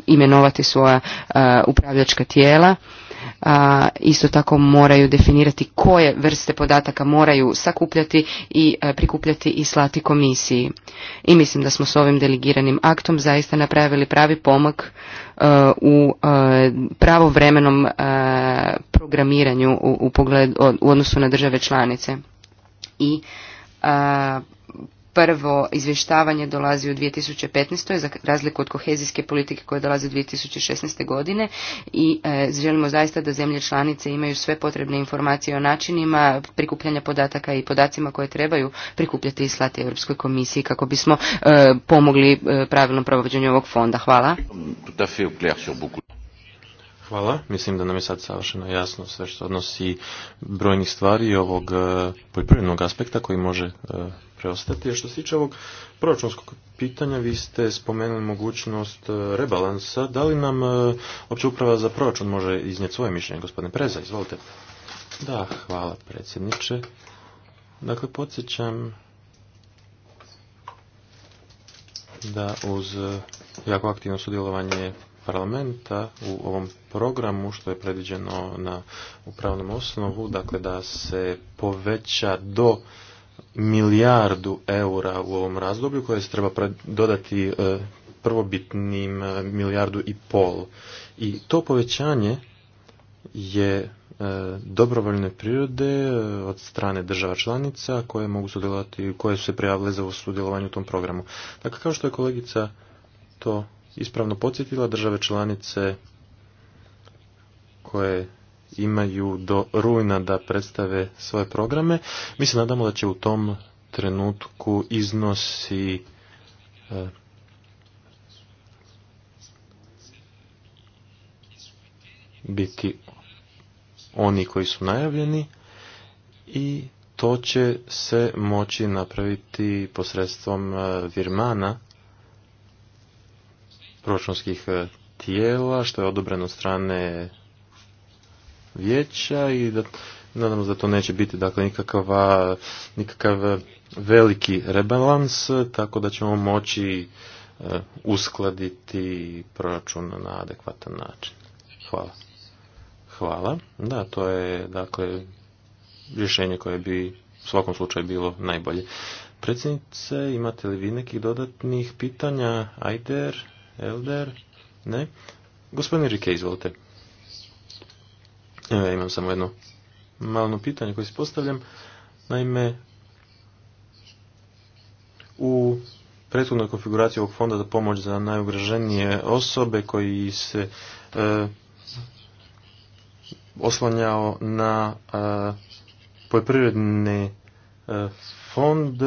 imenovati svoja upravljačka tijela. A, isto tako moraju definirati koje vrste podataka moraju sakupljati i prikupljati i slati komisiji. I mislim da smo s ovim delegiranim aktom zaista napravili pravi pomak Eh, u eh, pravovremenom eh, programiranju u, u, pogled, u odnosu na države članice i prvo izvještavanje dolazi u 2015. za razliku od kohezijske politike koje dolazi u 2016. godine i e, želimo zaista da zemlje članice imaju sve potrebne informacije o načinima prikupljanja podataka i podacima koje trebaju prikupljati i slati Europskoj komisiji kako bismo e, pomogli e, pravilnom provođenju ovog fonda. Hvala.
Hvala. Mislim da nam je sad savršeno jasno sve što odnosi brojnih stvari ovog poljoprivrednog aspekta koji može preostati. A što se tiče ovog proračunskog pitanja, vi ste spomenuli mogućnost e, rebalansa. Da li nam e, opća uprava za proračun može iznijeti svoje mišljenje? Gospodine Preza, izvolite. Da, hvala predsjedniče. Dakle, podsjećam da uz jako aktivno sudjelovanje parlamenta u ovom programu što je predviđeno na upravnom osnovu, dakle da se poveća do milijardu eura u ovom razdoblju koje se treba dodati e, prvobitnim e, milijardu i pol. I to povećanje je e, dobrovoljne prirode od strane država članica koje mogu sudjelovati, koje su se prijavile za sudjelovanje u tom programu. Dakle, kao što je kolegica to ispravno podsjetila, države članice koje imaju do rujna da predstave svoje programe. Mi se nadamo da će u tom trenutku iznosi e, biti oni koji su najavljeni i to će se moći napraviti posredstvom e, virmana proračunskih e, tijela što je odobreno strane vijeća i da nadamo da to neće biti dakle nikakva, nikakav veliki rebalans, tako da ćemo moći e, uskladiti proračun na adekvatan način. Hvala. Hvala. Da, to je dakle rješenje koje bi u svakom slučaju bilo najbolje. Predsjednice, imate li vi nekih dodatnih pitanja? Ajder, Elder? Ne? Gospodin Rike, izvolite ja imam samo jedno malo pitanje koje se postavljam. Naime, u prethodnoj konfiguraciji ovog fonda za pomoć za najugroženije osobe koji se e, oslanjao na e, poljoprivredni e, fond,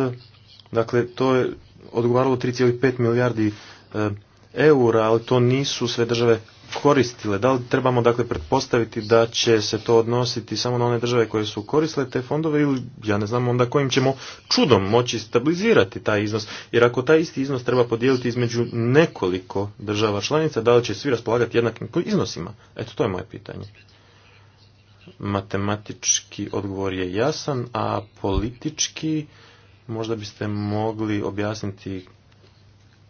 dakle to je odgovaralo 3,5 milijardi e, eura, ali to nisu sve države koristile? Da li trebamo dakle pretpostaviti da će se to odnositi samo na one države koje su koristile te fondove ili ja ne znam onda kojim ćemo čudom moći stabilizirati taj iznos? Jer ako taj isti iznos treba podijeliti između nekoliko država članica, da li će svi raspolagati jednakim iznosima? Eto, to je moje pitanje. Matematički odgovor je jasan, a politički možda biste mogli objasniti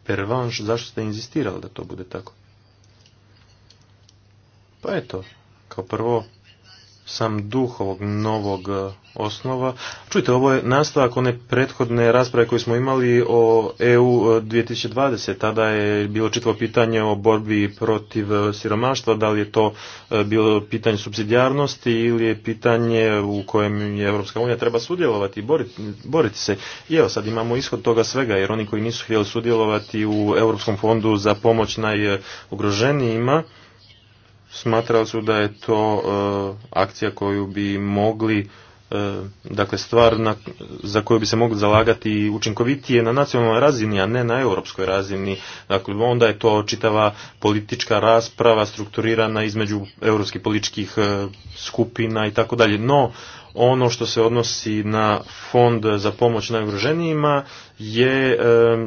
pervanš, zašto ste inzistirali da to bude tako? Pa eto, kao prvo, sam duh ovog novog e, osnova. Čujte, ovo je nastavak one prethodne rasprave koju smo imali o EU 2020. E, Tada je bilo čitvo pitanje o borbi protiv e, siromaštva, da li je to bilo pitanje subsidijarnosti ili je pitanje u kojem je Evropska unija treba sudjelovati i boriti, boriti se. I evo sad imamo ishod toga svega, jer oni koji nisu htjeli sudjelovati u Europskom fondu za pomoć najugroženijima, smatrali su da je to e, akcija koju bi mogli e, dakle stvar na, za koju bi se mogli zalagati učinkovitije na nacionalnoj razini, a ne na europskoj razini. Dakle, onda je to čitava politička rasprava strukturirana između europskih političkih e, skupina i tako dalje. No, ono što se odnosi na fond za pomoć najugroženijima je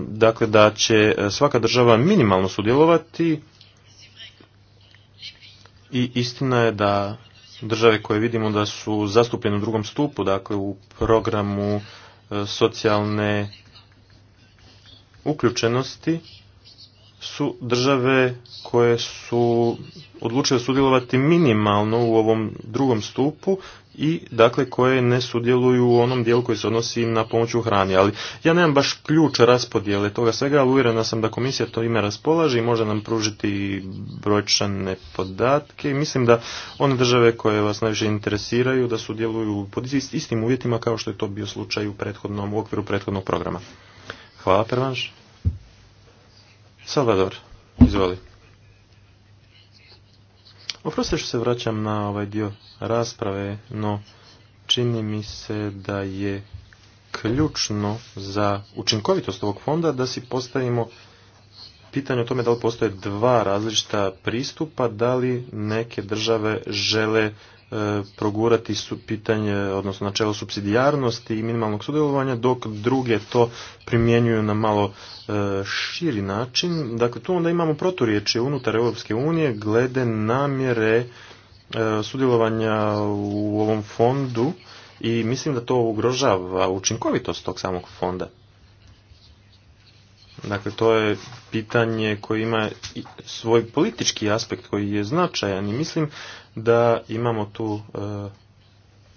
dakle da će svaka država minimalno sudjelovati i istina je da države koje vidimo da su zastupljene u drugom stupu, dakle u programu e, socijalne uključenosti, su države koje su odlučile sudjelovati minimalno u ovom drugom stupu i dakle koje ne sudjeluju u onom dijelu koji se odnosi na pomoć u hrani. Ali ja nemam baš ključ raspodjele toga svega, ali uvjerena sam da komisija to ime raspolaže i može nam pružiti brojčane podatke. Mislim da one države koje vas najviše interesiraju da sudjeluju pod istim uvjetima kao što je to bio slučaj u prethodnom u okviru prethodnog programa. Hvala Pervanš. Salvador, izvoli. Oprostite što se vraćam na ovaj dio rasprave, no čini mi se da je ključno za učinkovitost ovog fonda da si postavimo pitanje o tome da li postoje dva različita pristupa, da li neke države žele E, progurati su pitanje, odnosno načelo subsidijarnosti i minimalnog sudjelovanja, dok druge to primjenjuju na malo e, širi način. Dakle, tu onda imamo proturječje unutar Europske unije glede namjere e, sudjelovanja u ovom fondu i mislim da to ugrožava učinkovitost tog samog fonda. Dakle, to je pitanje koje ima svoj politički aspekt koji je značajan i mislim da imamo tu e,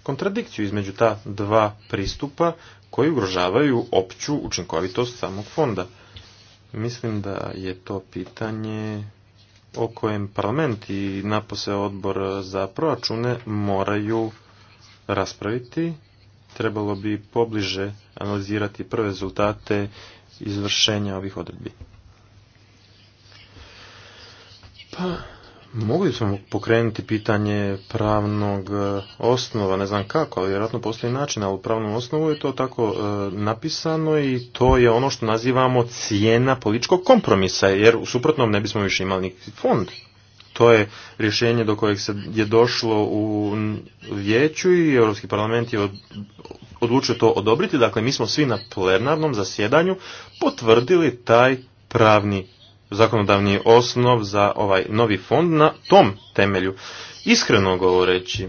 kontradikciju između ta dva pristupa koji ugrožavaju opću učinkovitost samog fonda. Mislim da je to pitanje o kojem parlament i napose odbor za proračune moraju raspraviti. Trebalo bi pobliže analizirati prve rezultate izvršenja ovih odredbi. Pa, Mogli smo pokrenuti pitanje pravnog e, osnova, ne znam kako, ali vjerojatno postoji način, ali u pravnom osnovu je to tako e, napisano i to je ono što nazivamo cijena političkog kompromisa, jer u suprotnom ne bismo više imali nikakvi fond. To je rješenje do kojeg se je došlo u vijeću i Europski parlament je odlučio to odobriti, dakle mi smo svi na plenarnom zasjedanju potvrdili taj pravni zakonodavni osnov za ovaj novi fond na tom temelju. Iskreno govoreći,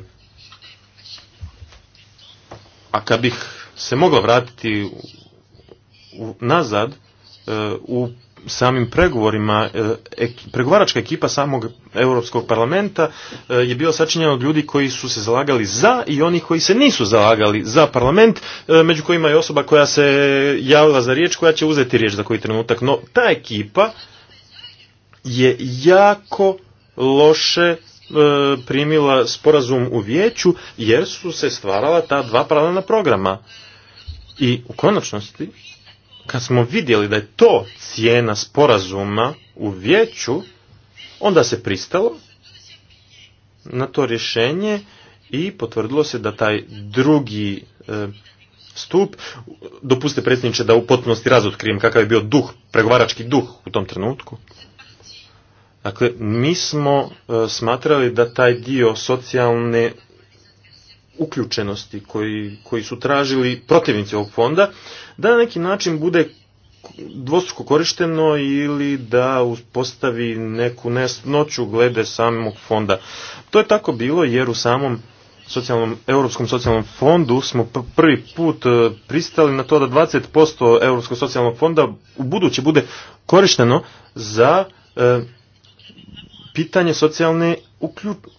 a kad bih se mogla vratiti nazad e, u samim pregovorima, e, pregovaračka ekipa samog Europskog parlamenta e, je bila sačinjena od ljudi koji su se zalagali za i oni koji se nisu zalagali za parlament, među kojima je osoba koja se javila za riječ, koja će uzeti riječ za koji trenutak. No, ta ekipa je jako loše e, primila sporazum u vijeću jer su se stvarala ta dva paralelna programa. I u konačnosti, kad smo vidjeli da je to cijena sporazuma u vijeću, onda se pristalo na to rješenje i potvrdilo se da taj drugi e, stup, dopuste predsjedniče da u potpunosti razotkrijem kakav je bio duh, pregovarački duh u tom trenutku. Dakle, mi smo e, smatrali da taj dio socijalne uključenosti koji, koji su tražili protivnici ovog fonda, da na neki način bude dvostruko korišteno ili da postavi neku nesnoću glede samog fonda. To je tako bilo jer u samom socijalnom, Europskom socijalnom fondu smo prvi put e, pristali na to da 20% Europskog socijalnog fonda u buduće bude korišteno za e, pitanje socijalne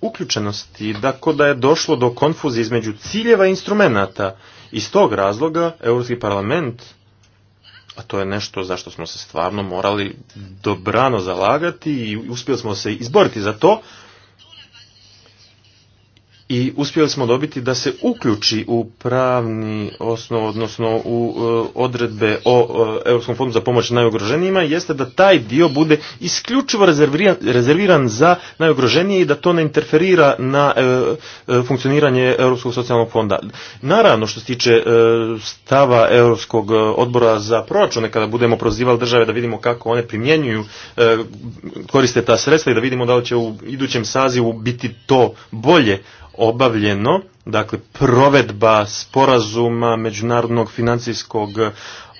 uključenosti, tako da je došlo do konfuzije između ciljeva i instrumenata. Iz tog razloga Europski parlament, a to je nešto što smo se stvarno morali dobrano zalagati i uspjeli smo se izboriti za to, i uspjeli smo dobiti da se uključi u pravni osnov, odnosno u e, odredbe o e, Europskom fondu za pomoć najugroženijima, jeste da taj dio bude isključivo rezerviran, za najugroženije i da to ne interferira na e, funkcioniranje Europskog socijalnog fonda. Naravno, što se tiče stava Europskog odbora za proračune, kada budemo prozivali države da vidimo kako one primjenjuju, koriste ta sredstva i da vidimo da li će u idućem sazivu biti to bolje obavljeno, dakle provedba sporazuma međunarodnog financijskog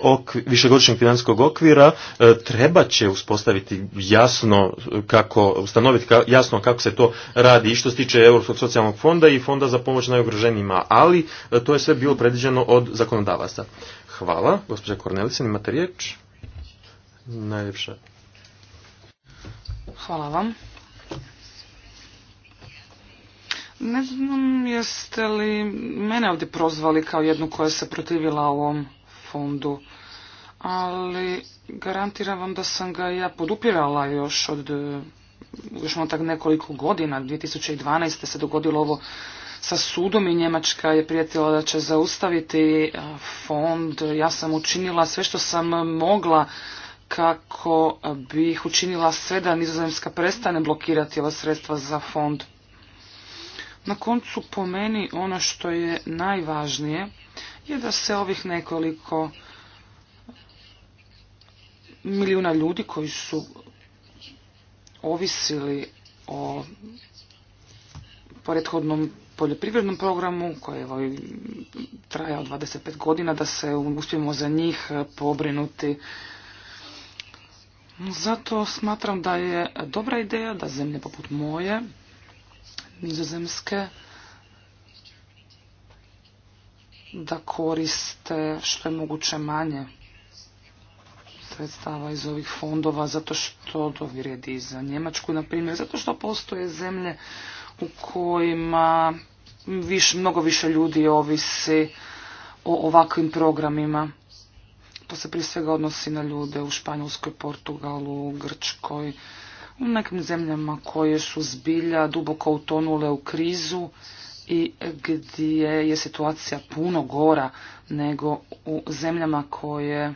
okvira višegodišnjeg financijskog okvira e, treba će uspostaviti jasno kako, ustanoviti jasno kako se to radi i što se tiče Europskog socijalnog fonda i fonda za pomoć najugroženijima, ali e, to je sve bilo predviđeno od zakonodavaca. Hvala, gospođa Kornelisen, imate riječ? Najljepša.
Hvala vam. Ne znam jeste li mene ovdje prozvali kao jednu koja se protivila ovom fondu, ali garantiram vam da sam ga ja podupirala još od još ono tak nekoliko godina, 2012. se dogodilo ovo sa sudom i Njemačka je prijetila da će zaustaviti e, fond. Ja sam učinila sve što sam mogla kako bih učinila sve da nizozemska prestane blokirati ova sredstva za fond. Na koncu po meni ono što je najvažnije je da se ovih nekoliko milijuna ljudi koji su ovisili o prethodnom poljoprivrednom programu koji je trajao od 25 godina da se uspijemo za njih pobrinuti. Zato smatram da je dobra ideja da zemlje poput moje nizozemske da koriste što je moguće manje sredstava iz ovih fondova zato što to vrijedi za Njemačku, na primjer, zato što postoje zemlje u kojima mnogo više ljudi ovisi o ovakvim programima. To se prije svega odnosi na ljude u Španjolskoj, Portugalu, Grčkoj, u nekim zemljama koje su zbilja duboko utonule u krizu i gdje je situacija puno gora nego u zemljama koje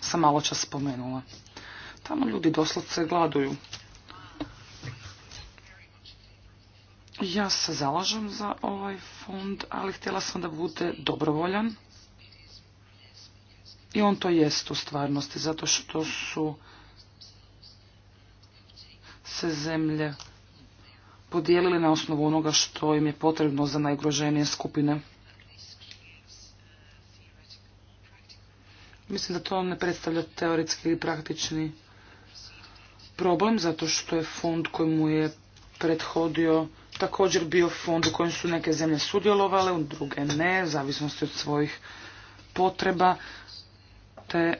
sam malo čas spomenula. Tamo ljudi doslovce gladuju. Ja se zalažem za ovaj fond, ali htjela sam da bude dobrovoljan. I on to jest u stvarnosti, zato što su se zemlje podijelili na osnovu onoga što im je potrebno za najgroženije skupine. Mislim da to ne predstavlja teoretski ili praktični problem, zato što je fond mu je prethodio također bio fond u kojem su neke zemlje sudjelovale, u druge ne, u zavisnosti od svojih potreba, te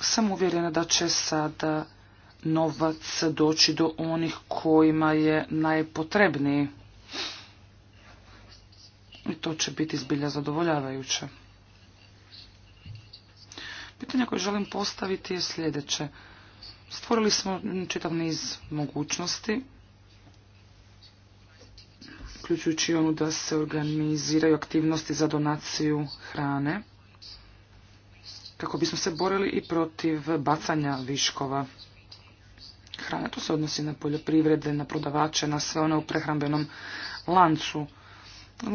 sam uvjerena da će sada novac doći do onih kojima je najpotrebniji. I to će biti zbilja zadovoljavajuće. Pitanje koje želim postaviti je sljedeće. Stvorili smo čitav niz mogućnosti, uključujući onu da se organiziraju aktivnosti za donaciju hrane, kako bismo se borili i protiv bacanja viškova hrane. To se odnosi na poljoprivrede, na prodavače, na sve one u prehrambenom lancu.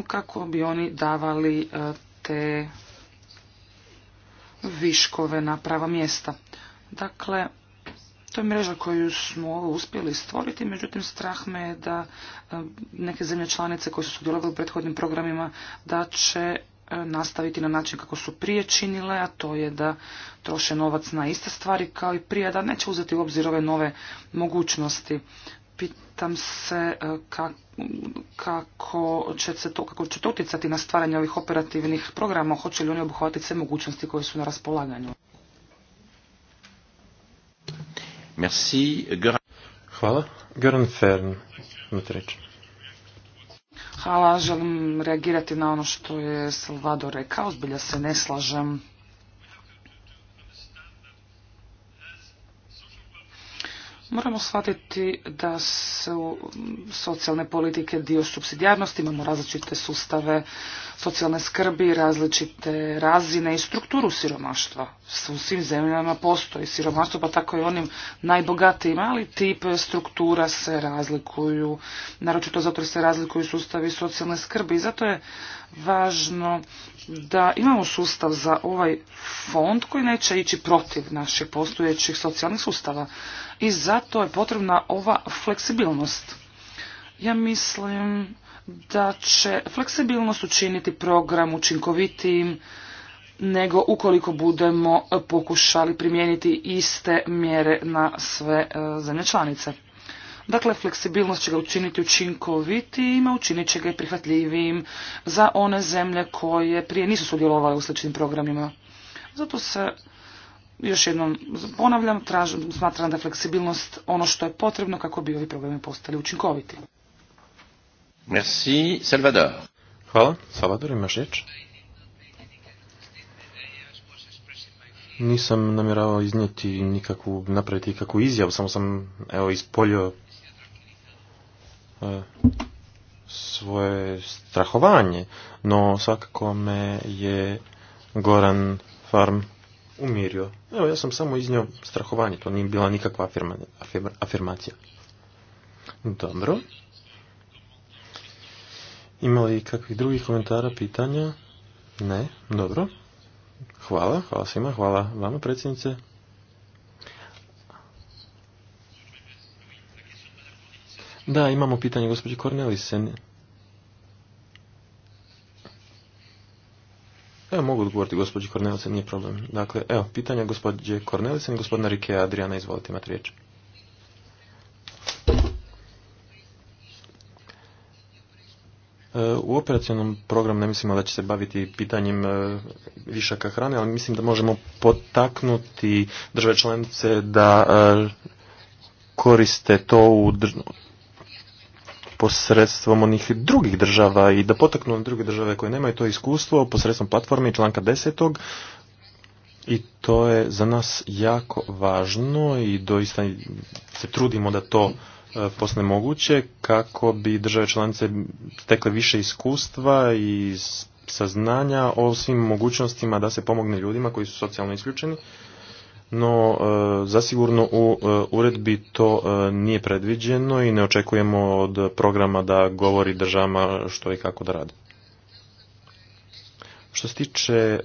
Kako bi oni davali e, te viškove na prava mjesta. Dakle, to je mreža koju smo uspjeli stvoriti, međutim strah me je da e, neke zemlje članice koje su sudjelovali u prethodnim programima da će nastaviti na način kako su prije činile, a to je da troše novac na iste stvari kao i prije, da neće uzeti u obzir ove nove mogućnosti. Pitam se e, kako će, se to, kako će to utjecati na stvaranje ovih operativnih programa, hoće li oni obuhvatiti sve mogućnosti koje su na raspolaganju.
Merci. Hvala. Göran Fern,
Hvala, želim reagirati na ono što je Salvador rekao, zbilja se ne slažem Moramo shvatiti da su socijalne politike dio subsidijarnosti, imamo različite sustave socijalne skrbi, različite razine i strukturu siromaštva. U svim zemljama postoji siromaštvo, pa tako i onim najbogatijima, ali tip struktura se razlikuju, naročito zato se razlikuju sustavi socijalne skrbi i zato je važno da imamo sustav za ovaj fond koji neće ići protiv naših postojećih socijalnih sustava i zato je potrebna ova fleksibilnost. Ja mislim da će fleksibilnost učiniti program učinkovitijim nego ukoliko budemo pokušali primijeniti iste mjere na sve e, zemlje članice. Dakle, fleksibilnost će ga učiniti a učinit će ga i prihvatljivijim za one zemlje koje prije nisu sudjelovale u sličnim programima. Zato se još jednom ponavljam, tražim, smatram da fleksibilnost ono što je potrebno kako bi ovi problemi postali učinkoviti.
Merci, Salvador. Hvala, Salvador, imaš riječ? Nisam namjeravao iznijeti nikakvu, napraviti nikakvu izjavu, samo sam, evo, ispolio e, svoje strahovanje, no svakako me je Goran Farm umirio. Evo, ja sam samo iznio strahovanje, to nije bila nikakva afirma, afirmacija. Dobro. Ima li kakvih drugih komentara, pitanja? Ne, dobro. Hvala, hvala svima, hvala vama predsjednice. Da, imamo pitanje gospođe Kornelisen. Evo mogu odgovoriti gospođi Kornelice, nije problem. Dakle, evo, pitanja gospođe Kornelice i gospodina Rike Adriana, izvolite, imati riječ. E, u operacionalnom programu ne mislimo da će se baviti pitanjem e, višaka hrane, ali mislim da možemo potaknuti države članice da e, koriste to u posredstvom onih drugih država i da potaknu druge države koje nemaju to iskustvo posredstvom platforme i članka desetog I to je za nas jako važno i doista se trudimo da to e, postane moguće kako bi države članice stekle više iskustva i saznanja o svim mogućnostima da se pomogne ljudima koji su socijalno isključeni no e, zasigurno u e, uredbi to e, nije predviđeno i ne očekujemo od programa da govori državama što i kako da radi. Što se tiče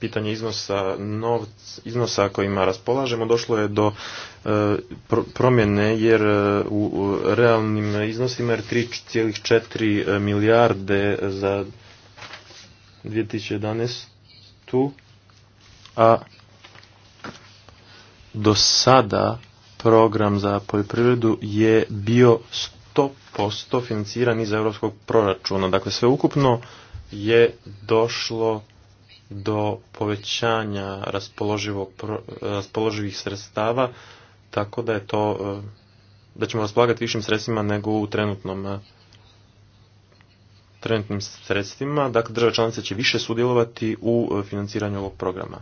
pitanja iznosa novca, iznosa kojima raspolažemo došlo je do promjene jer u realnim iznosima je 3,4 milijarde za 2011 a do sada program za poljoprivredu je bio 100% financiran iz europskog proračuna. Dakle, sve ukupno je došlo do povećanja raspoloživih sredstava, tako da je to eh, da ćemo raspolagati višim sredstvima nego u trenutnom eh, trenutnim sredstvima, dakle države članice će više sudjelovati u eh, financiranju ovog programa.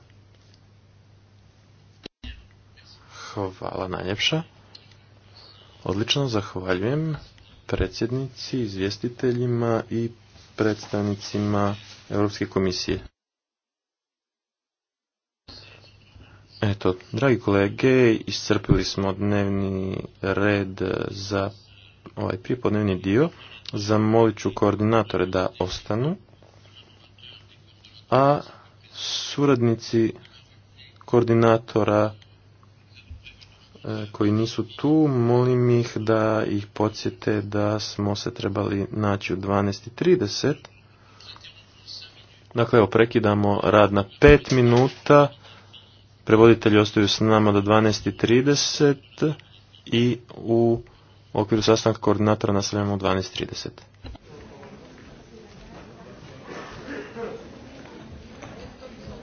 Hvala najljepša. Odlično, zahvaljujem predsjednici, izvjestiteljima i predstavnicima Europske komisije. Eto, dragi kolege, iscrpili smo dnevni red za ovaj pripodnevni dio. Zamolit ću koordinatore da ostanu, a suradnici koordinatora E, koji nisu tu, molim ih da ih podsjete da smo se trebali naći u 12.30. Dakle, evo, prekidamo rad na 5 minuta. Prevoditelji ostaju s nama do 12.30 i u okviru sastanka koordinatora nastavljamo u 12.30.